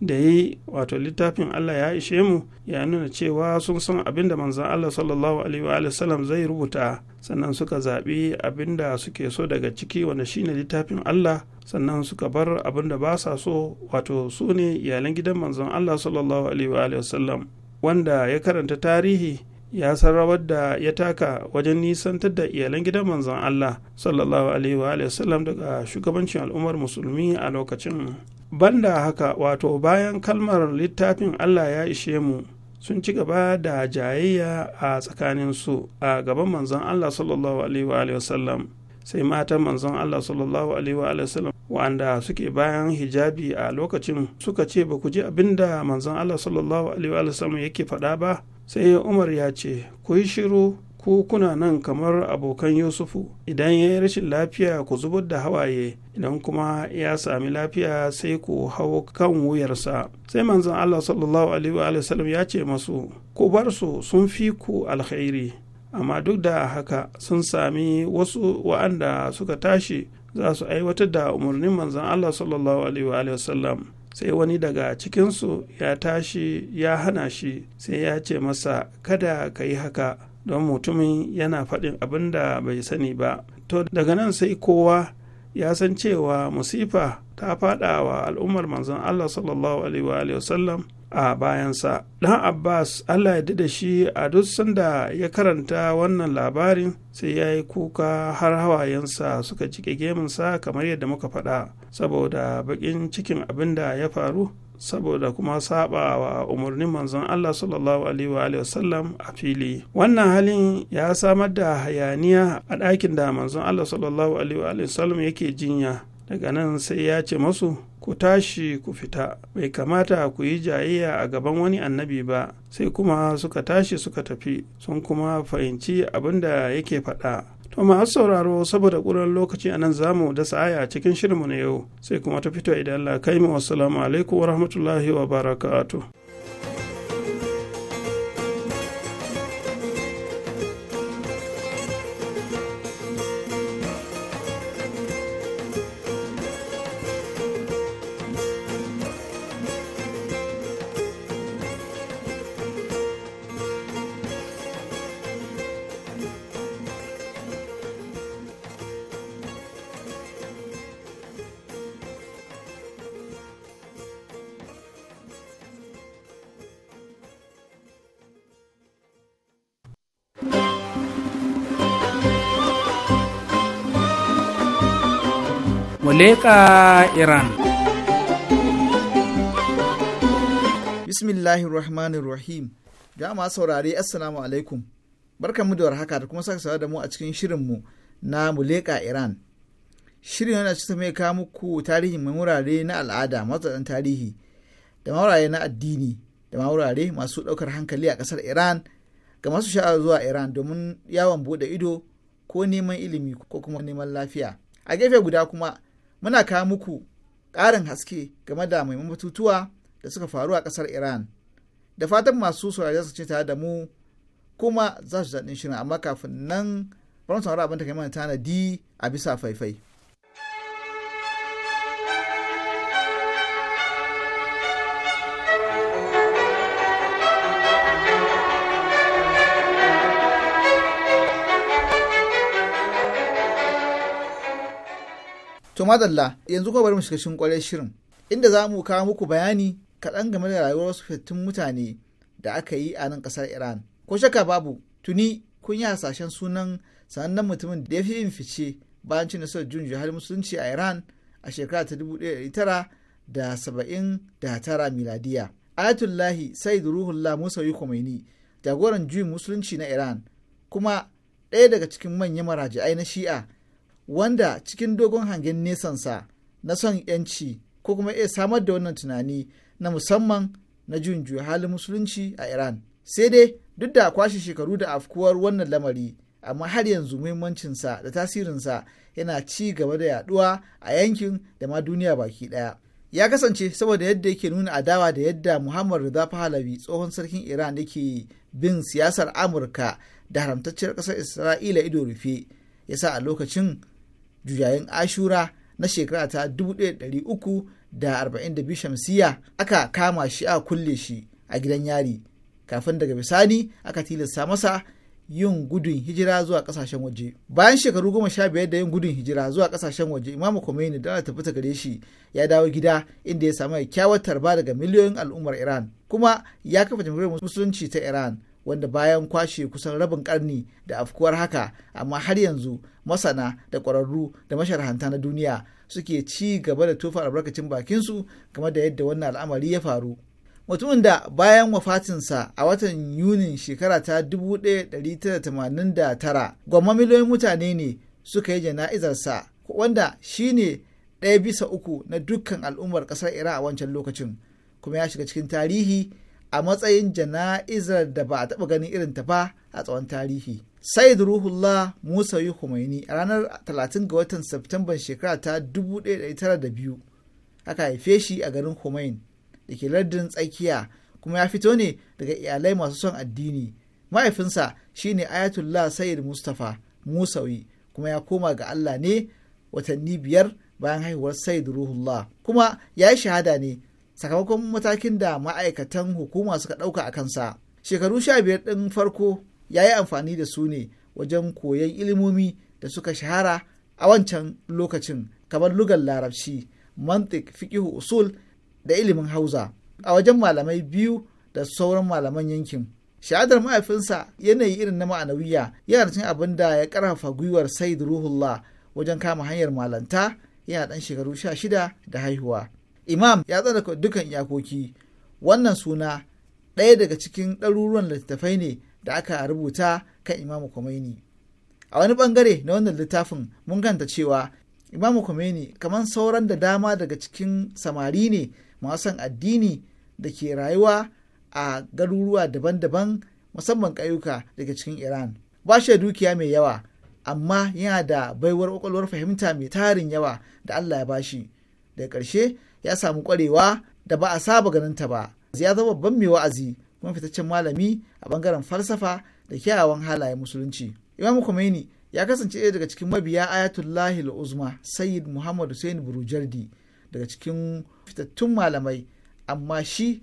da ya yi wato littafin Allah ya ishe mu ya nuna cewa sun san abin da manzan Allah sallallahu alaihi wa sallam zai rubuta sannan suka zaɓi abin da suke so daga ciki wanda shine littafin Allah sannan suka bar abin da ba sa so wato su ne iyalan gidan manzan Allah sallallahu alaihi wa sallam wanda ya karanta tarihi ya san rawar da ya taka wajen nisantar da iyalan gidan manzon Allah sallallahu alaihi wa sallam daga shugabancin al'ummar musulmi a lokacin banda haka wato bayan kalmar littafin Allah ya ishe mu sun ci gaba da jayayya a tsakanin su a gaban manzon Allah sallallahu alaihi wa sallam sai matan manzon Allah sallallahu alaihi wa sallam wa'anda suke bayan hijabi a lokacin suka ce ba ku ji abin da manzon Allah sallallahu alaihi wa sallam yake faɗa ba sai umar ya ce ku yi shiru ku kuna nan kamar abokan yusufu idan ya yi rashin lafiya ku zubar da hawaye idan kuma ya sami lafiya sai ku hau kan wuyarsa sai manzon allah sallallahu alaihi wa sallam ya ce masu ku bar su sun fi ku alkhairi amma duk da haka sun sami wasu wa'anda suka tashi za su aiwatar da umarnin manzon allah sallallahu alaihi wa sallam sai wani daga cikinsu ya tashi ya hana shi sai ya ce masa kada ka yi haka don mutumin yana faɗin abin da bai sani ba to daga nan sai kowa ya san cewa musifa ta faɗa wa al'ummar manzon Allah sallallahu alaihi wasallam a bayansa dan abbas allah ya da shi a duk sanda ya karanta wannan labarin sai ya yi kuka har hawayensa suka cike geminsa kamar yadda muka faɗa saboda bakin cikin abin da ya faru saboda kuma saba wa umarnin manzon Allah sallallahu alaihi wasallam a fili wannan halin ya samar da hayaniya a ɗakin da manzon Allah sallallahu alaihi wasallam yake jinya daga nan sai ya ce masu ku tashi ku fita bai kamata ku yi jayayya a gaban wani annabi ba sai kuma suka tashi suka tafi sun kuma fahimci abin da yake faɗa To masu sauraro saboda ƙuran lokaci a nan za mu da sa'aya a cikin shirinmu na yau sai kuma ta fito idan Allah kai mu wasalamu alaikum wa rahmatullahi wa barakatuh. muleka iran bismillahir rahmanir rahim jama'a saurare assalamu alaikum barkanmu da warhaka da kuma saka sawa da mu a cikin shirinmu na muleka iran shirin yana cikin mai kawo muku tarihin mai wurare na al'ada masu tarihi da mawurare na addini da mawurare masu ɗaukar hankali a ƙasar iran ga masu sha'awar zuwa iran domin yawon buɗe ido ko neman ilimi ko kuma neman lafiya a gefe guda kuma muna kawo muku ƙarin haske game da maimakon batutuwa da suka faru a ƙasar Iran. Da fatan masu saurari su ce tare da mu kuma za su daɗin shirin amma kafin nan bari mu ta abin da kai mana tanadi a bisa faifai. to madalla yanzu kuma bari mu shiga cikin kwarai shirin inda za mu kawo muku bayani kaɗan game da rayuwar wasu fitattun mutane da aka yi a nan ƙasar iran ko shakka babu tuni kun yi hasashen sunan sanannen mutumin da ya fi yin fice bayan cin nasarar jun har musulunci a iran a shekara ta dubu saba'in da tara miladiya ayatullahi said ruhullah musa khomeini jagoran juyin musulunci na iran kuma ɗaya daga cikin manyan marajiai na shi'a wanda cikin dogon hangen nesansa na son yanci ko kuma iya samar da wannan tunani na musamman na juyin halin musulunci a iran sai dai duk da kwashe shekaru da afkuwar wannan lamari amma har yanzu muhimmancinsa da tasirinsa yana ci gaba da yaduwa a yankin da ma duniya baki daya ya kasance saboda yadda yake nuna adawa da yadda muhammad rida pahlavi tsohon sarkin iran yake bin siyasar amurka da haramtacciyar ƙasar isra'ila ido rufe ya sa a lokacin juyayin ashura na shekara ta 1345 shamsiya aka kama shi a kulle shi a gidan yari kafin daga bisani aka tilasta masa yin gudun hijira zuwa kasashen waje bayan shekaru goma sha biyar da yin gudun hijira zuwa kasashen waje imamu khomeini da tafi ta gare shi ya dawo gida inda ya samu kyakkyawar tarba daga miliyoyin al'ummar iran kuma ya kafa jamhuriyar musulunci ta iran wanda bayan kwashe kusan rabin karni da afkuwar haka amma har yanzu masana da ƙwararru da masharhanta na duniya suke ci gaba da tofa albarkacin bakinsu game da yadda wannan al'amari ya faru mutumin da bayan wafatinsa a watan yunin shekara ta 1989 gwamma miliyoyin mutane ne suka yi jana'izarsa wanda shine ɗaya bisa uku na dukkan al'ummar ƙasar iran a wancan lokacin kuma ya shiga cikin tarihi a matsayin jana'izar da ba a taɓa ganin irin ta ba a tsawon tarihi Said Ruhullah Musa yi Khomeini a ranar 30 ga watan Septemban shekara ta 1902 aka haife shi a garin Khomeini da ke lardin tsakiya kuma ya fito ne daga iyalai masu son addini. Mahaifinsa shine Ayatullah Said Mustapha Musawi kuma ya koma ga Allah ne watanni biyar bayan haihuwar Said Ruhullah kuma ya yi shahada ne sakamakon matakin da ma'aikatan hukuma suka ɗauka a kansa. Shekaru sha biyar ɗin farko ya yi amfani da su ne wajen koyon ilimomi da suka shahara a wancan lokacin kamar Lugan larabci mantik Fiqihu usul da ilimin hauza a wajen malamai biyu da sauran malaman yankin shahadar mahaifinsa yanayi irin na ma'anawiya yana cin abin da ya karfafa gwiwar said ruhullah wajen kama hanyar malanta yana dan shekaru sha shida da haihuwa imam ya tsara dukan iyakoki wannan suna ɗaya daga cikin ɗaruruwan littattafai ne da aka rubuta kan imamu Khomeini. A wani bangare na wannan littafin mun ganta cewa imamu Khomeini kamar sauran da dama daga cikin samari ne masu addini da ke rayuwa a garuruwa daban-daban musamman ƙauyuka daga cikin Iran. Ba shi da dukiya mai yawa, amma yana da baiwar ƙwaƙwalwar fahimta mai tarin yawa da Allah ya bashi. Daga ƙarshe ya samu ƙwarewa da ba a saba ganin ta ba. Ya zama babban mai wa'azi kuma fitaccen malami a bangaren falsafa da kyawawan halayen musulunci imam khomeini ya kasance ɗaya daga cikin mabiya ayatullahi uzma sayyid muhammad hussein burujardi daga cikin fitattun malamai amma shi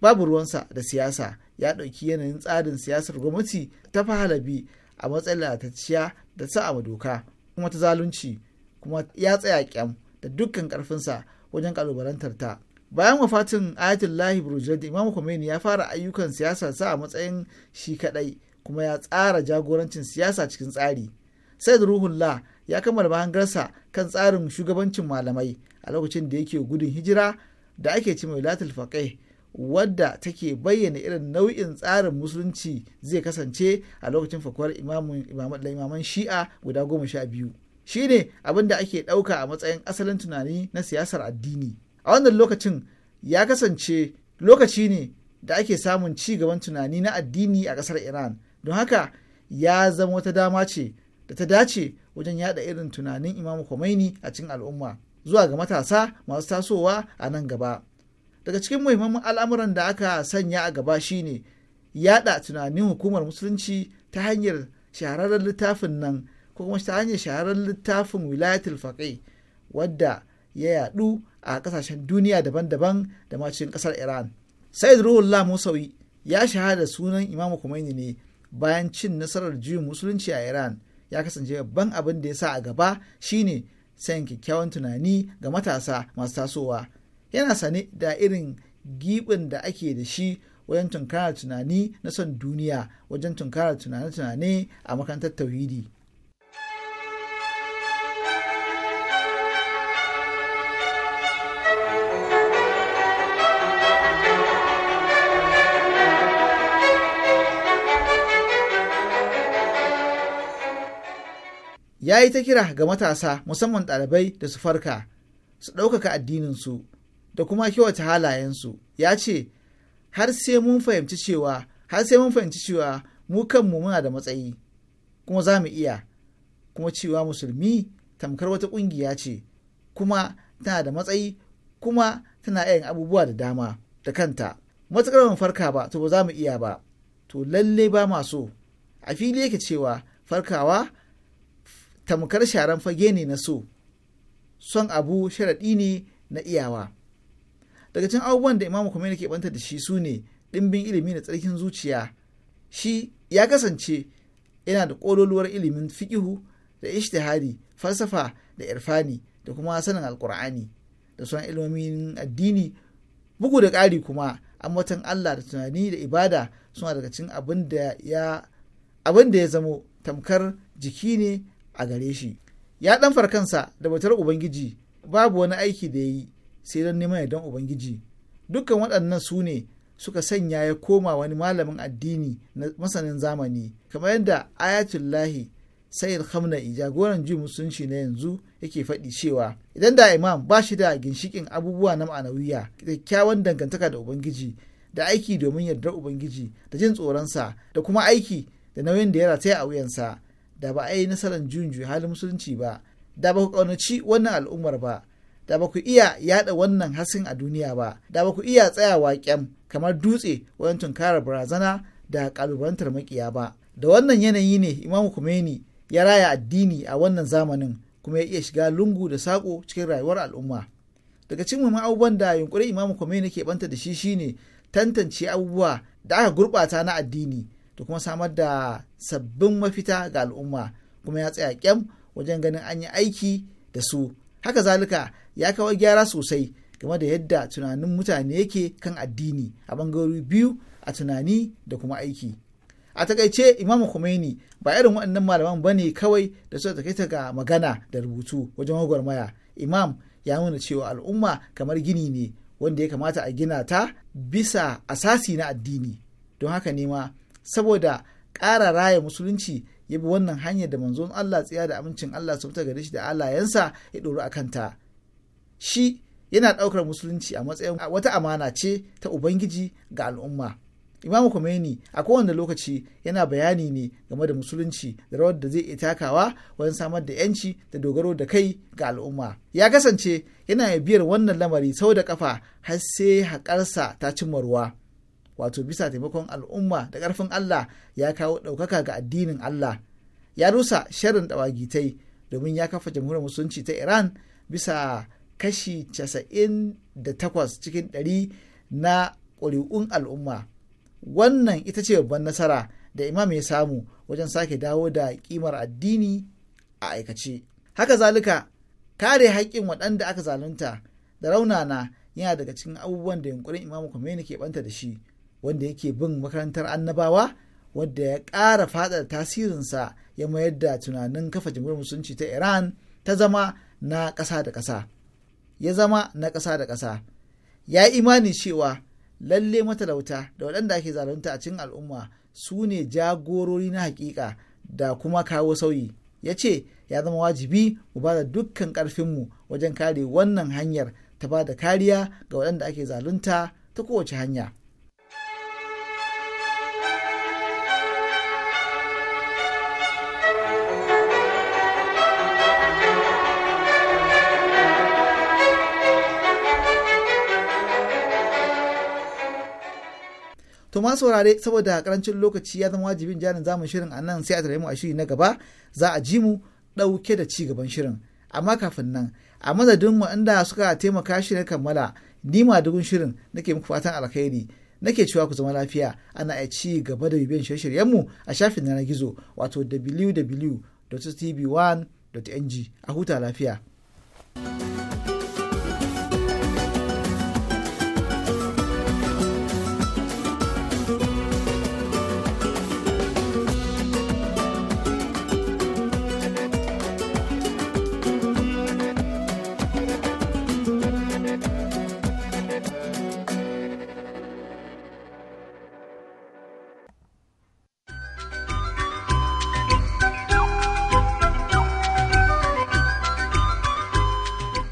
babu ruwansa da siyasa ya ɗauki yanayin tsarin siyasar gwamnati ta fahalabi a matsayin lalatacciya da sa'a doka kuma ta zalunci kuma ya tsaya kyam da dukkan ƙarfinsa wajen ƙalubalantar ta bayan wafatin ayatullahi burjadi imam khomeini ya fara ayyukan siyasa sa a matsayin shi kadai kuma ya tsara jagorancin siyasa cikin tsari said ruhullah ya kammala bahangarsa kan tsarin shugabancin malamai a lokacin da yake gudun hijira da ake ci mai latul faƙai wadda take bayyana irin nau'in tsarin musulunci zai kasance a lokacin fakuwar imaman shi'a guda goma sha biyu shine abin da ake ɗauka a matsayin asalin tunani na siyasar addini a wannan lokacin ya kasance lokaci ne da ake samun ci gaban tunani na addini a ƙasar iran don haka ya zama wata dama ce da ta dace wajen yada irin tunanin imamu Khomeini a cikin al'umma zuwa ga matasa masu tasowa a nan gaba daga cikin muhimman al'amuran da aka sanya a gaba shine yada tunanin hukumar musulunci ta hanyar shahararren littafin nan ko kuma ta hanyar shahararren littafin wilayatul faqih wadda ya yadu a kasashen duniya daban-daban da ma cikin kasar iran said ruhullah musawi ya shahada sunan imamu khomeini ne bayan cin nasarar juyin musulunci a iran ya kasance babban abin da ya sa a gaba shine sayan kyakkyawan tunani ga matasa masu tasowa yana sane da irin gibin da ake da shi wajen tunkarar tunani na son duniya wajen tunkarar tunane-tunane a makarantar tauhidi ya yi ta kira ga matasa musamman ɗalibai da su farka su ɗaukaka addininsu da kuma kyawata halayensu ya ce har sai mun fahimci cewa har sai mun fahimci cewa mu kanmu muna da matsayi kuma za mu iya kuma cewa musulmi tamkar wata ƙungiya ce kuma tana da matsayi kuma tana yin abubuwa da dama da kanta matuƙar mun farka ba to ba za mu iya ba to lalle ba ma a fili yake cewa farkawa tamkar sharan fage ne na so son abu sharaɗi ne na iyawa daga can abubuwan da imamu Khomeini ke banta da shi su ne ɗimbin ilimi da tsarkin zuciya shi ya kasance yana da ƙololuwar ilimin fiƙihu da ishtihari falsafa da irfani da kuma sanin alkur'ani da sauran ilimin addini bugu da ƙari kuma ambaton Allah da tunani da ibada suna daga cikin abin da ya zamo tamkar jiki ne a gare shi ya dan farkansa da batar ubangiji babu wani aiki da ya yi sai don neman yardan ubangiji dukkan waɗannan su ne suka sanya ya koma wani malamin addini na masanin zamani kamar yadda ayatullahi sayyid i jagoran ji musulunci na yanzu yake faɗi cewa idan da imam ba shi da ginshikin abubuwa na ma'anawiya kyakkyawan dangantaka da ubangiji da aiki domin yardar ubangiji da jin tsoronsa da kuma aiki da nauyin da ya rataya a wuyansa da ba a yi nasarar junju halin musulunci ba da ba ku ƙaunaci wannan al'ummar ba da ba ku iya yada wannan hasin a duniya ba da ba ku iya tsayawa kyam kamar dutse wajen tunkarar barazana da kalubalantar makiya ba da wannan yanayi ne imam Khomeini ya raya addini a wannan zamanin kuma ya iya shiga lungu da saƙo cikin rayuwar al'umma daga cikin muhimman abubuwan da yunkurin imam Khomeini ke banta da shi shine tantance abubuwa da aka gurɓata na addini da kuma samar da sabbin mafita ga al'umma kuma ya tsaya kyam wajen ganin an yi aiki da su haka zalika ya kawo gyara sosai game da yadda tunanin mutane yake kan addini a bangarori biyu a tunani da kuma aiki a takaice imamu Khomeini ba irin waɗannan malaman ba ne kawai da suka takaita ga magana da rubutu wajen gwagwarmaya imam ya nuna cewa al'umma kamar gini ne wanda ya kamata a gina ta bisa asasi na addini don haka ne ma saboda ƙara raya musulunci ya bi wannan hanyar da manzon Allah tsiya da amincin Allah su fita gare shi da alayensa ya ɗoru a kanta. Shi yana ɗaukar musulunci a matsayin wata amana ce ta Ubangiji ga al'umma. Imam Khomeini a kowane lokaci yana bayani ne game da musulunci da rawar da zai iya takawa wajen samar da yanci da dogaro da kai ga al'umma. Ya kasance yana biyar wannan lamari sau da kafa har sai haƙarsa ta cimma ruwa. wato bisa taimakon al'umma da ƙarfin Allah ya kawo ɗaukaka ga addinin Allah ya rusa sharin ɗawagitai domin ya kafa jamhuriyar musulunci ta Iran bisa kashi casa'in da takwas cikin ɗari na ƙuri'un al'umma wannan ita ce babban nasara da imam ya samu wajen sake dawo da ƙimar addini a aikace haka zalika kare haƙƙin waɗanda aka zalunta da raunana yana daga cikin abubuwan da yunkurin imamu Khomeini ke banta da shi wanda yake bin makarantar annabawa wadda ya ƙara faɗaɗa tasirinsa ya mayar da tunanin kafa jamhuriyar musulunci ta iran ta zama na ƙasa da ƙasa ya zama na ƙasa da ƙasa ya imani cewa lalle matalauta da waɗanda ake zalunta a cikin al'umma su ne jagorori na hakika da kuma kawo sauyi ya ce ya zama wajibi mu ba da dukkan ƙarfinmu wajen kare wannan hanyar ta ba da kariya ga waɗanda ake zalunta ta kowace hanya to ma saurare saboda karancin lokaci ya zama wajibin jarin zamun shirin a nan sai a tare mu a shiri na gaba za a ji mu ɗauke da ci gaban shirin amma kafin nan a madadin waɗanda suka taimaka shirin kammala ni ma dugun shirin nake muku fatan alkhairi nake cewa ku zama lafiya ana a ci gaba da bibiyan shirye shiryen mu a shafin na gizo wato www.tv1.ng a huta lafiya.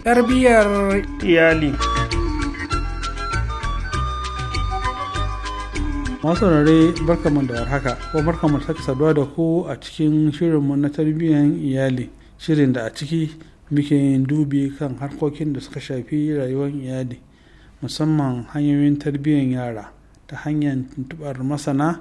tarbiyyar iyali masu rare barkamu da warhaka ko barkamu sake saduwa da ku a cikin shirinmu na tarbiyyar iyali shirin da a ciki muke dubi kan harkokin da suka shafi rayuwar iyali musamman hanyoyin tarbiyyar yara ta hanyar tuntubar masana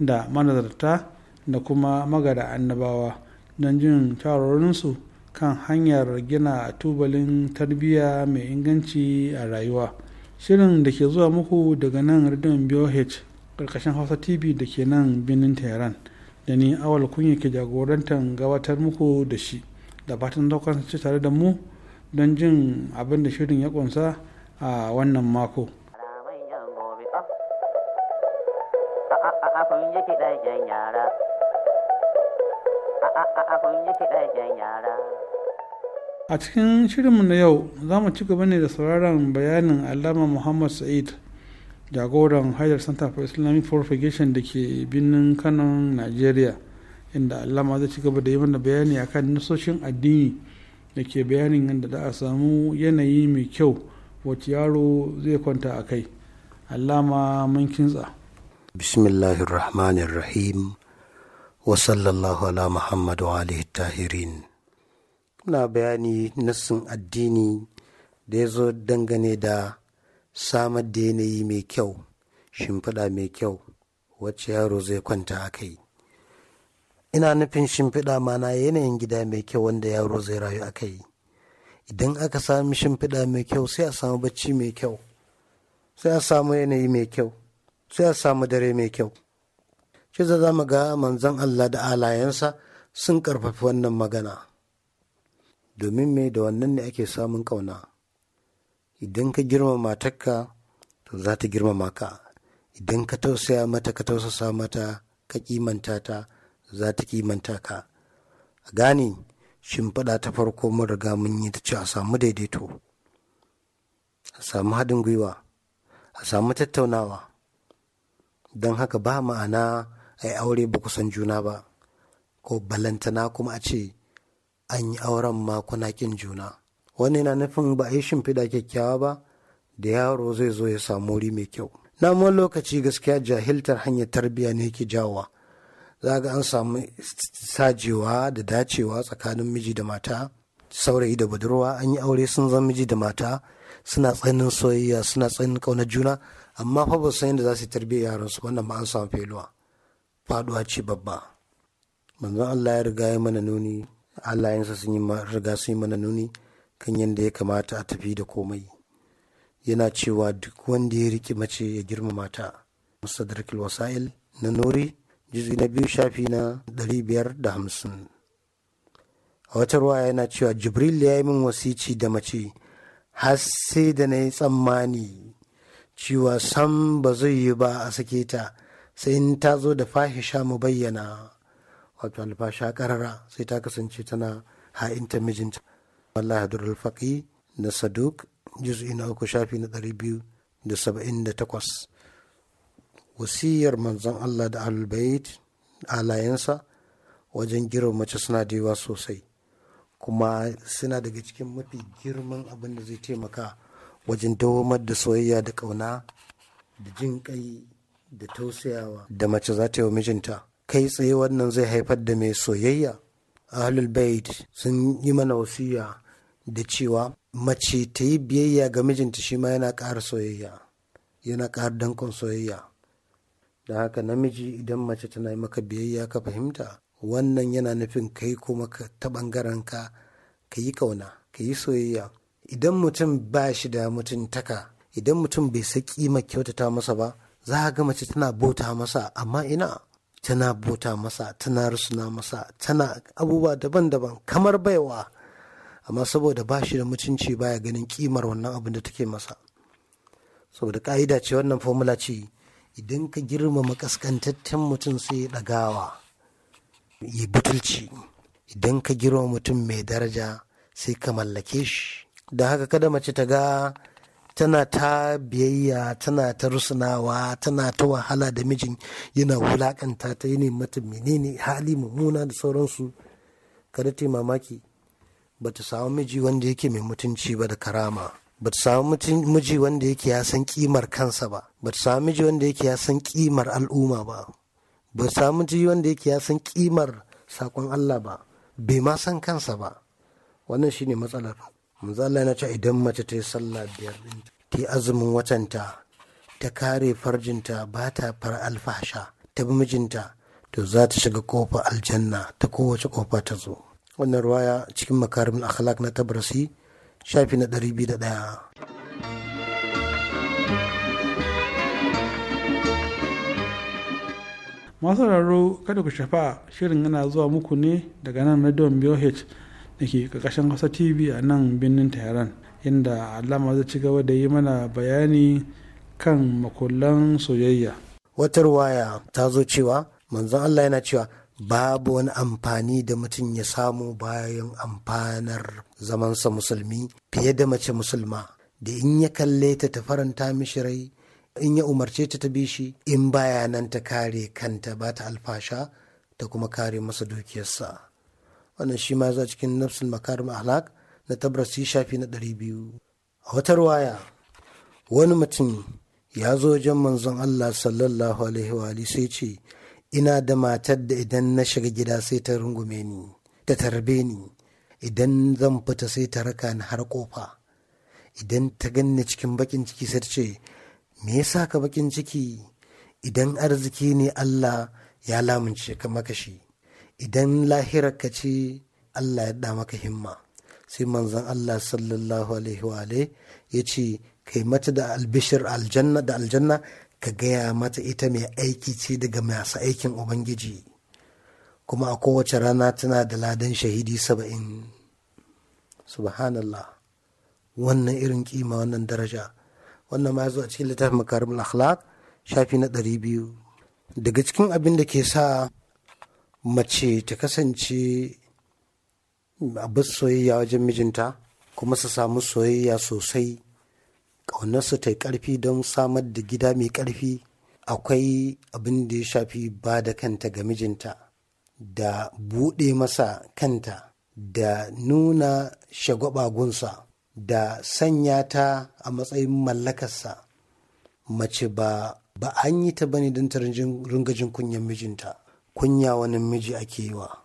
da manazarta da kuma magada annabawa don jin tarorinsu kan hanyar gina tubalin tarbiyya mai inganci a rayuwa shirin da ke zuwa muku daga nan rediyon BOH karkashin hausa tv da ke nan birnin tehran da ni awal kunya ke jagorantar gabatar muku da shi da fatan daukar ci tare da mu don jin abin da shirin ya kunsa a wannan mako ah, ah, ah, yara A cikin shirinmu na yau za mu ci gaba ne da sauraron bayanin alama Muhammad Sa'id jagoran Hajar Center for Islamic Propagation da ke birnin Kano, Nigeria, inda alama zai ci gaba da yi mana bayani akan nasoshin addini da ke bayanin yadda za a samu yanayi mai kyau wacce yaro zai kwanta a kai. Allama mun kintsa. Bismillahirrahmanirrahim. wa sallallahu ala Muhammadu wa alihi tahirin. Muna bayani nassin addini da ya zo dangane da samar da yanayi mai kyau, shimfiɗa mai kyau, wacce yaro zai kwanta a kai. Ina nufin shimfiɗa mana yanayin gida mai kyau wanda yaro zai rayu a kai. Idan aka sami shimfiɗa mai kyau sai a samu bacci mai kyau, sai a samu yanayi mai kyau, sai a samu dare mai kyau. shi za mu ga manzon Allah da alayensa sun karfafi wannan magana domin me da wannan ne ake samun ƙauna. idan ka girmama matakka to za ta girmama ka idan ka tausaya mata ka tausasa mata ka kimanta ta za ta kimanta ka a gane shimfiɗa ta farko mun riga mun yi ta ce a samu daidaito a samu haɗin gwiwa a samu tattaunawa don haka ba ma'ana a yi aure ba kusan juna ba ko balantana kuma a ce an yi auren ma kuna kin juna wani na nufin ba a yi shimfiɗa kyakkyawa ba da yaro zai zo ya samu wuri mai kyau na lokaci gaskiya jahiltar hanyar tarbiyya ne ke jawowa za ga an samu sajewa da dacewa tsakanin miji da mata saurayi da budurwa an yi aure sun zama miji da mata suna tsanin soyayya suna tsanin ƙaunar juna amma fa ba san yadda za su yi tarbiyyar yaransu wannan ba an samu feluwa faduwa ce babba manzon Allah ya riga ya mana nuni Allah ya sa sun yi riga sun yi mana nuni kan yadda ya kamata a tafi da komai yana cewa duk wanda ya riƙe mace ya girmama ta musadarkil wasa'il na Nuri jizgi na biyu shafi na ɗari biyar da hamsin a wata ruwa yana cewa jibril ya yi min wasici da mace har sai da na yi tsammani cewa sam ba zai yi ba a sake ta sai in ta zo da fahisha mu bayyana wato alfasha karara sai ta kasance tana ha'inta mijinta wallahi durul faqi na saduk juz'i na uku shafi na ɗari biyu da saba'in da takwas wasiyar manzon Allah da albayit alayensa wajen girma mace suna da yawa sosai kuma suna daga cikin mafi girman abin da zai taimaka wajen dawamar da soyayya da ƙauna da jin ƙai da tausayawa da mace za ta yi wa mijinta kai tsaye wannan zai haifar da mai soyayya ahlul bait sun yi mana wasiya da cewa mace ta yi biyayya ga mijinta shi ma yana ƙara soyayya yana ƙara dankon soyayya da haka namiji idan mace tana yi maka biyayya ka fahimta wannan yana nufin kai kuma ta bangaren ka ka yi kauna ka yi soyayya idan mutum ba shi da mutuntaka idan mutum bai sa ma kyautata masa ba za a ga mace tana bauta masa amma ina tana bauta masa tana rusuna masa tana abubuwa daban-daban kamar baiwa amma saboda ba shi da mutunci baya ganin kimar wannan abin da take masa saboda ka'ida ce wannan formula ce idan ka girmama kaskantaccen mutum sai ya ɗagawa ya butulci idan ka girmama mutum mai daraja sai ka mallake shi da haka kada mace ta ga tana ta biyayya tana ta rusunawa tana ta wahala da mijin yana wulakanta ta yi mata menene hali mummuna da sauransu kada ta mamaki ba ta samu miji wanda yake mai mutunci ba da karama ba ta samu miji wanda yake ya san kimar kansa ba ba ta samu miji wanda yake ya san kimar al'umma ba ba ta samu miji wanda yake ya san kimar sakon Allah ba bai ma san kansa ba wannan shine matsalar manzo Allah na ce idan mace ta yi sallah biyar ta yi azumin watan ta ta kare farjinta ba ta far alfasha ta bi mijinta to za ta shiga kofa aljanna ta kowace kofa ta zo wannan ruwaya cikin makarimin akhlaq na tabrasi shafi na 201 masu raro kada ku shafa shirin yana zuwa muku ne daga nan radio BOH da ke ƙarƙashin hausa tv a nan birnin tehran inda alama zai ci gaba da yi mana bayani kan makullan soyayya wata ruwaya ta zo cewa manzon allah yana cewa babu wani amfani da mutum ya samu bayan amfanar zamansa musulmi fiye da mace musulma da in ya kalle ta ta faranta mishi rai in ya umarce ta ta bi shi in baya nan ta kare kanta ba ta alfasha ta kuma kare masa dukiyarsa wannan shi ma za cikin nafsul makarim ahlak na tabrasi shafi na ɗari biyu a wata ruwaya wani mutum ya zo wajen manzon Allah sallallahu alaihi wa sai ce ina da matar da idan na shiga gida sai ta rungume ni ta tarbe ni idan zan fita sai ta raka ni har kofa idan ta ganni cikin bakin ciki sai ta ce me yasa ka bakin ciki idan arziki ne Allah ya lamunce ka makashi idan lahirar ka ce allah ya da maka himma sai manzon allah sallallahu alaihi wa ya ce kai mata da albishir aljanna da aljanna ka gaya mata ita mai aiki ce daga masu aikin ubangiji kuma a kowace rana tana da ladan shahidi saba'in subhanallah wannan irin kima wannan daraja wannan ma zuwa cikin littafin makarimul akhlaq shafi na ɗari biyu daga cikin abin da ke sa mace ta kasance a abin soyayya wajen mijinta kuma su samu soyayya sosai ƙaunarsa ta yi ƙarfi don samar da gida mai ƙarfi akwai abin da ya shafi ba da kanta ga mijinta da buɗe masa kanta da nuna shagwabagunsa da sanya ta a matsayin mallakarsa mace ba ba an yi ta bane don ta ringajin kunyan mijinta kunya wani miji ake yi wa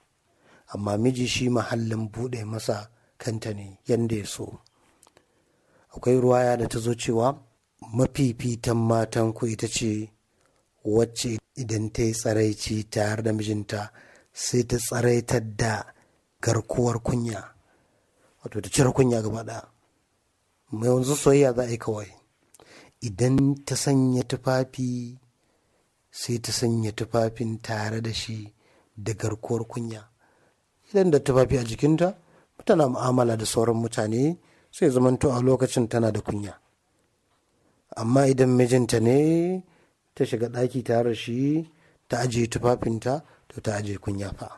amma miji shi mahallin buɗe masa kanta ne yadda ya so akwai ruwaya da ta zo cewa mafifitan matan ku ita ce wacce idan ta yi tsaraici tare da mijinta sai ta tsaraitar da garkuwar kunya wato ta cire kunya gaba ɗaya mai wanzu soyayya za a yi kawai idan ta sanya tufafi sai ta sanya tufafin tare da shi da garkuwar kunya idan da tufafi a jikinta tana mu'amala da sauran mutane sai zamanto a lokacin tana da kunya amma idan mijinta ne ta shiga ɗaki tare shi ta ajiye tufafinta to ta ajiye kunya fa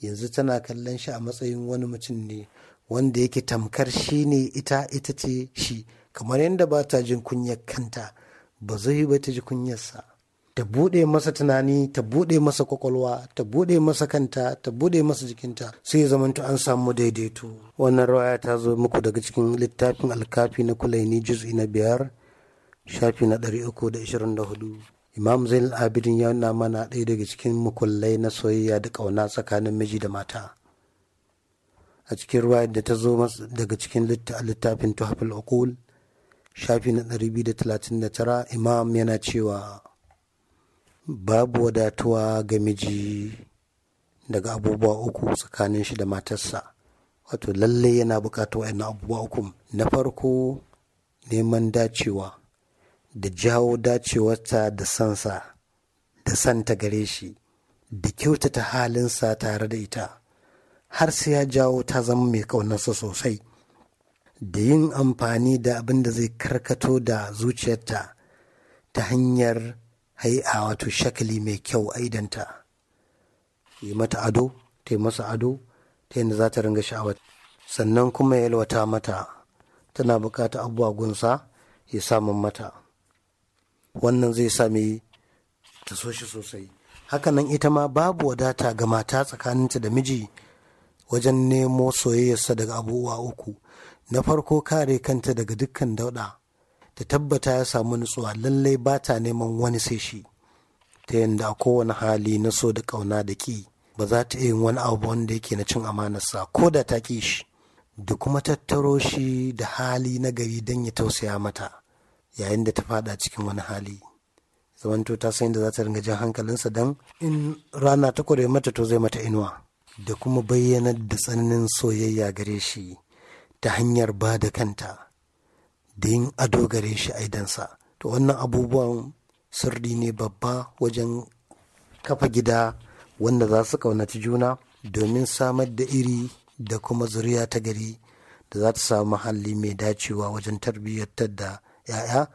yanzu tana kallon shi a matsayin wani mutum ne wanda yake tamkar shi ne ita ita ce shi kamar yadda ba ta jin kunyar kanta ba zai ba ta ji kunyarsa ta buɗe masa tunani ta buɗe masa kwakwalwa ta buɗe masa kanta ta buɗe masa jikinta sai zamanto an samu daidaito wannan rawaya ta zo muku daga cikin littafin alkafi na kulaini juz'i na biyar shafi na ɗari uku da ishirin da hudu imam zain abidin ya nuna mana ɗaya daga cikin mukullai na soyayya da ƙauna tsakanin miji da mata a cikin ruwa da ta zo daga cikin littafin tuhafil uqul shafi na 239 imam yana cewa babu wadatuwa ga miji daga abubuwa uku tsakanin shi da matarsa wato lallai yana bukatar wa'in abubuwa uku na farko neman dacewa da jawo dacewarta da sansa da santa gare shi da kyautata halinsa tare da ita har sai ya jawo ta zama mai ƙaunarsa sosai da yin amfani da abin da zai karkato da zuciyarta ta hanyar Hai, a wato shakali mai kyau aidanta yi mata ado ta yi masa ado ta yadda za ta ringa sha'awa sannan kuma ya yalwata mata tana bukata abubuwa gunsa ya samun mata wannan zai sami ta so shi sosai hakanan ita ma babu wadata ga mata tsakaninta da miji wajen nemo soyayyarsa daga abubuwa uku na farko kare kanta daga dukkan dauɗa ta tabbata ya samu nutsuwa lallai ba ta neman wani sai shi ta yadda a kowane hali na so da ƙauna da ƙi ba za ta yin wani abu wanda yake na cin amanarsa ko da ta ki shi da kuma tattaro shi da hali na gari don ya tausaya mata yayin da ta fada cikin wani hali zamanto ta san da za ta ringa jan hankalinsa don in rana ta kware mata to zai mata inuwa da kuma bayyanar da tsananin soyayya gare shi ta hanyar ba da kanta da yin ado gare shi a idansa to wannan abubuwan sirri ne babba wajen kafa gida wanda za su kaunaci juna domin samar da iri da kuma zuriya ta gari da za ta samu mahalli mai dacewa wajen tarbiyyar da 'ya'ya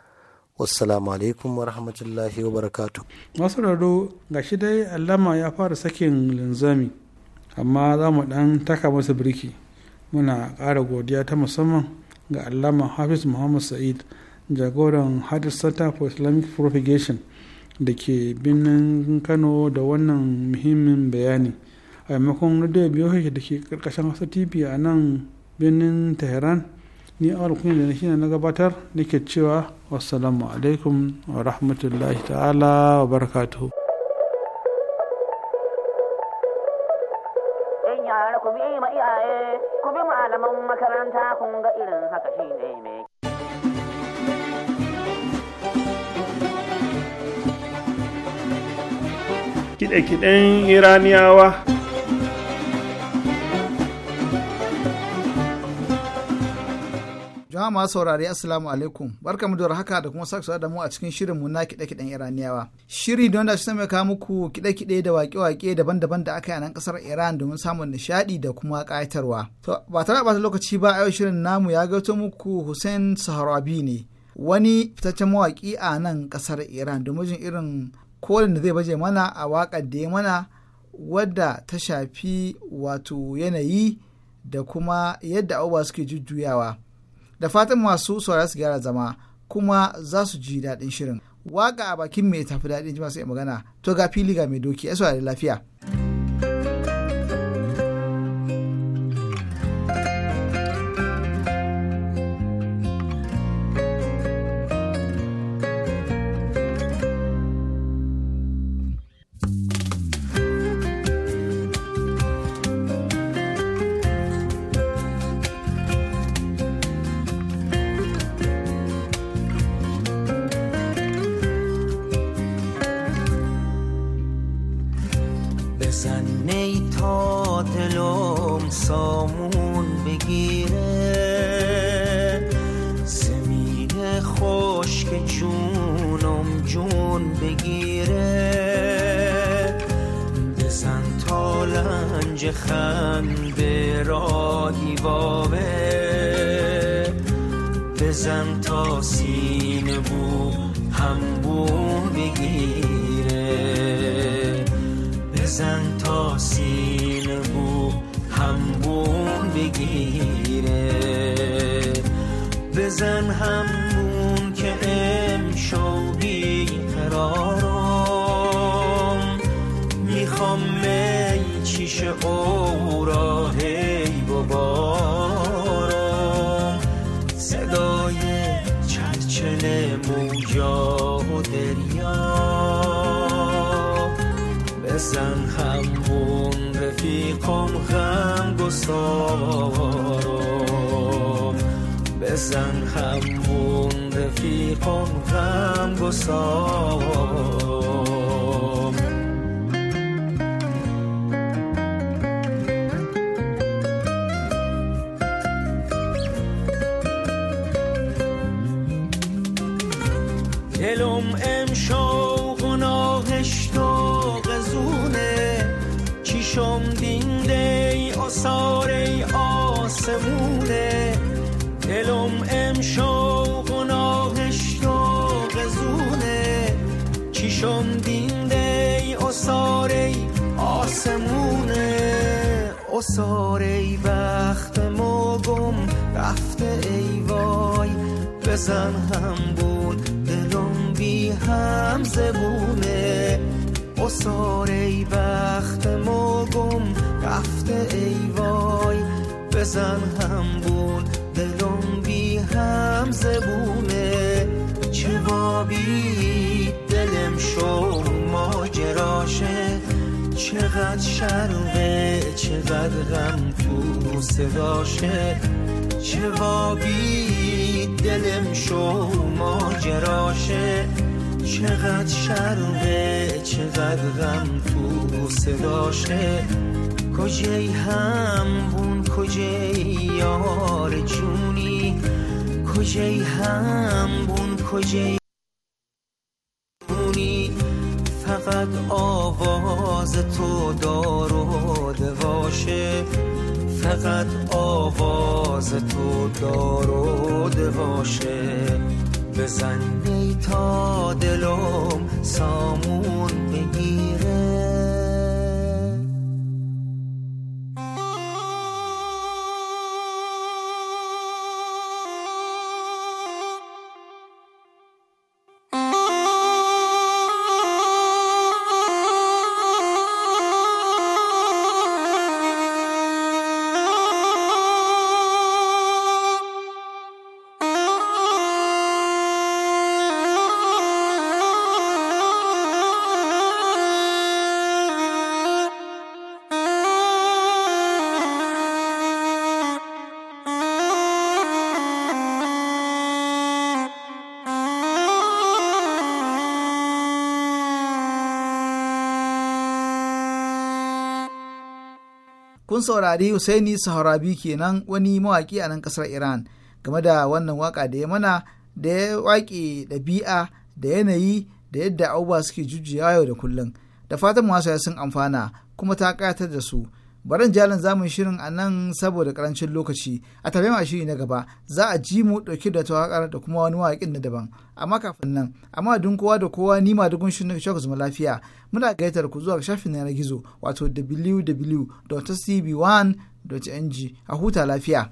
wassalamu alaikum wa rahmatullahi wa barakatu masu raro ga shi dai allama ya fara sakin linzami amma za mu dan taka masa birki muna ƙara godiya ta musamman ga allama hafiz muhammad sa'id jagoran hadis center for islamic propagation da ke birnin kano da wannan muhimmin bayani a maimakon radio biyu da ke karkashin hasa tv a nan birnin tehran ni a kunya da shine na gabatar nake cewa wassalamu alaikum wa rahmatullahi ta'ala wa barakatuhu ku bi ku bi malaman makaranta kun ga irin kiɗe-kiɗen iraniyawa jama'a masu saurari assalamu alaikum barkamu da haka da kuma sake da mu a cikin shirin mu na kiɗe-kiɗen iraniyawa shiri don da shi mai kawo muku kiɗe-kiɗe da waƙe-waƙe daban-daban da aka yi a nan ƙasar iran domin samun nishaɗi da kuma kayatarwa to ba tare da lokaci ba yau shirin namu ya gaito muku hussein saharabi ne wani fitaccen mawaki a nan kasar iran domin jin irin kolin da zai baje mana a waƙar da ya mana wadda ta shafi wato yanayi da kuma yadda abubuwa suke jujjuyawa da fatan masu saurara su gyara zama kuma za su ji daɗin shirin waƙa a bakin mai tafi daɗin ji masu magana to ga fili ga mai doki ya saurari lafiya. زن هم بود دلم بی هم زبونه چه دلم شو ماجراشه چقدر شروه چقدر غم تو صداشه چه دلم شو ماجراشه چقدر شروه چقدر غم تو صداشه کجای هم بون کجای یار جونی کجای همبون کجای فقط آواز تو دار و دواشه فقط آواز تو دار و دواشه بزن تا دلم سامون بگیره saurari hussaini Saharabi kenan wani mawaƙi a nan ƙasar Iran game da wannan waka da ya mana da ya waƙe ɗabi'a da yanayi da yadda abubuwa suke jujjuyawa yau da kullum. Da fatan masu sun amfana kuma ta ƙayatar da su. barin jalin zamun shirin a nan saboda karancin lokaci a tabe ma shiri na gaba za a ji mu dauke da tawakar da kuma wani waƙin na daban amma kafin nan amma dun kowa da kowa ni ma dukun shirin shaku zama lafiya muna gaitar ku zuwa shafin na gizo wato www.tcb1.ng a huta lafiya.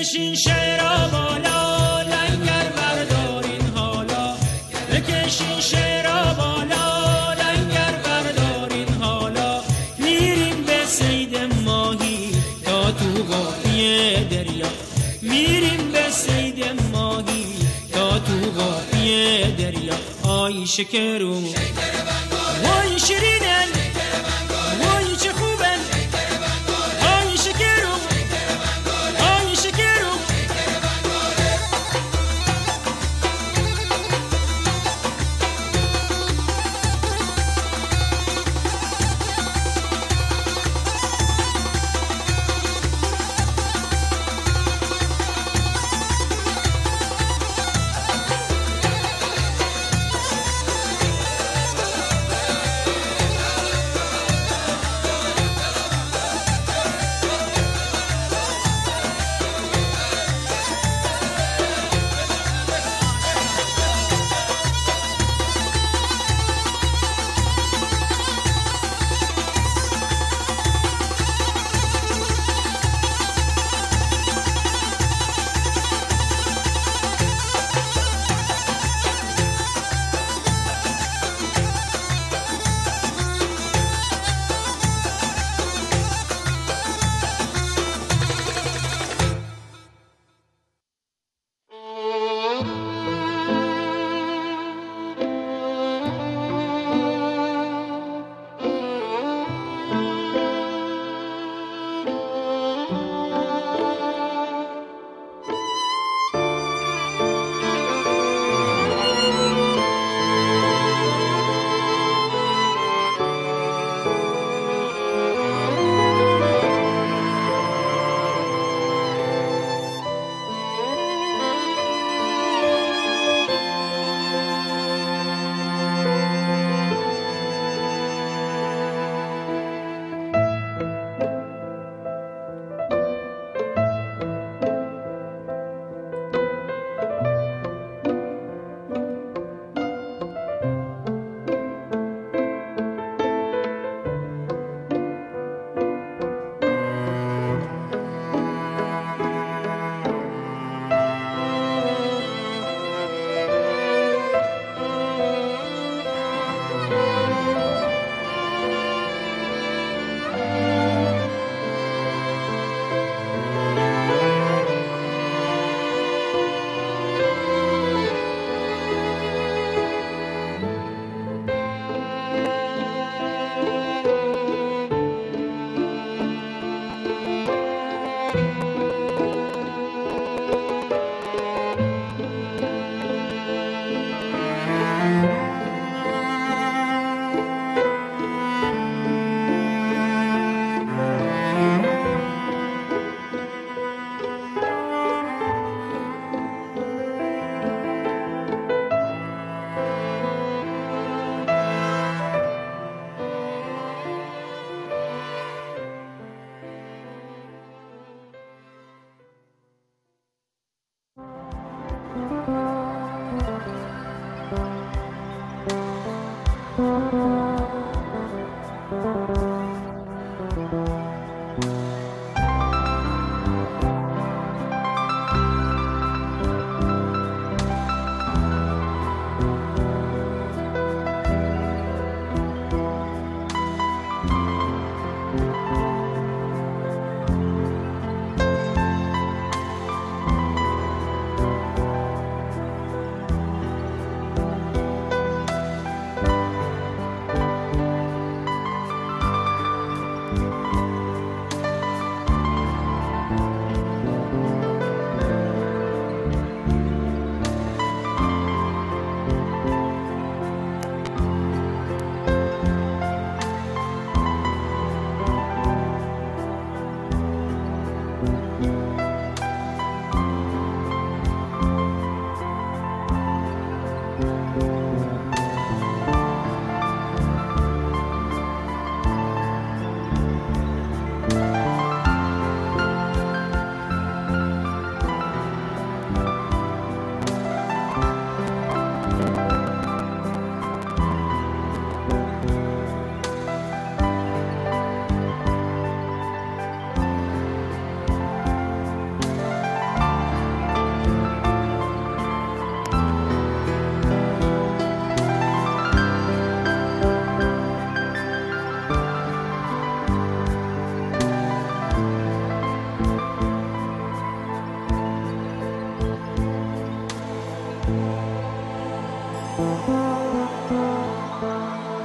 بکشین شعرا بالا لنگر بردارین حالا بکشین شعرا بالا لنگر بردارین حالا میریم به سید ماهی تا تو قاپی دریا میریم به سید ماهی تا تو قاپی دریا آی شکرو وای شیرین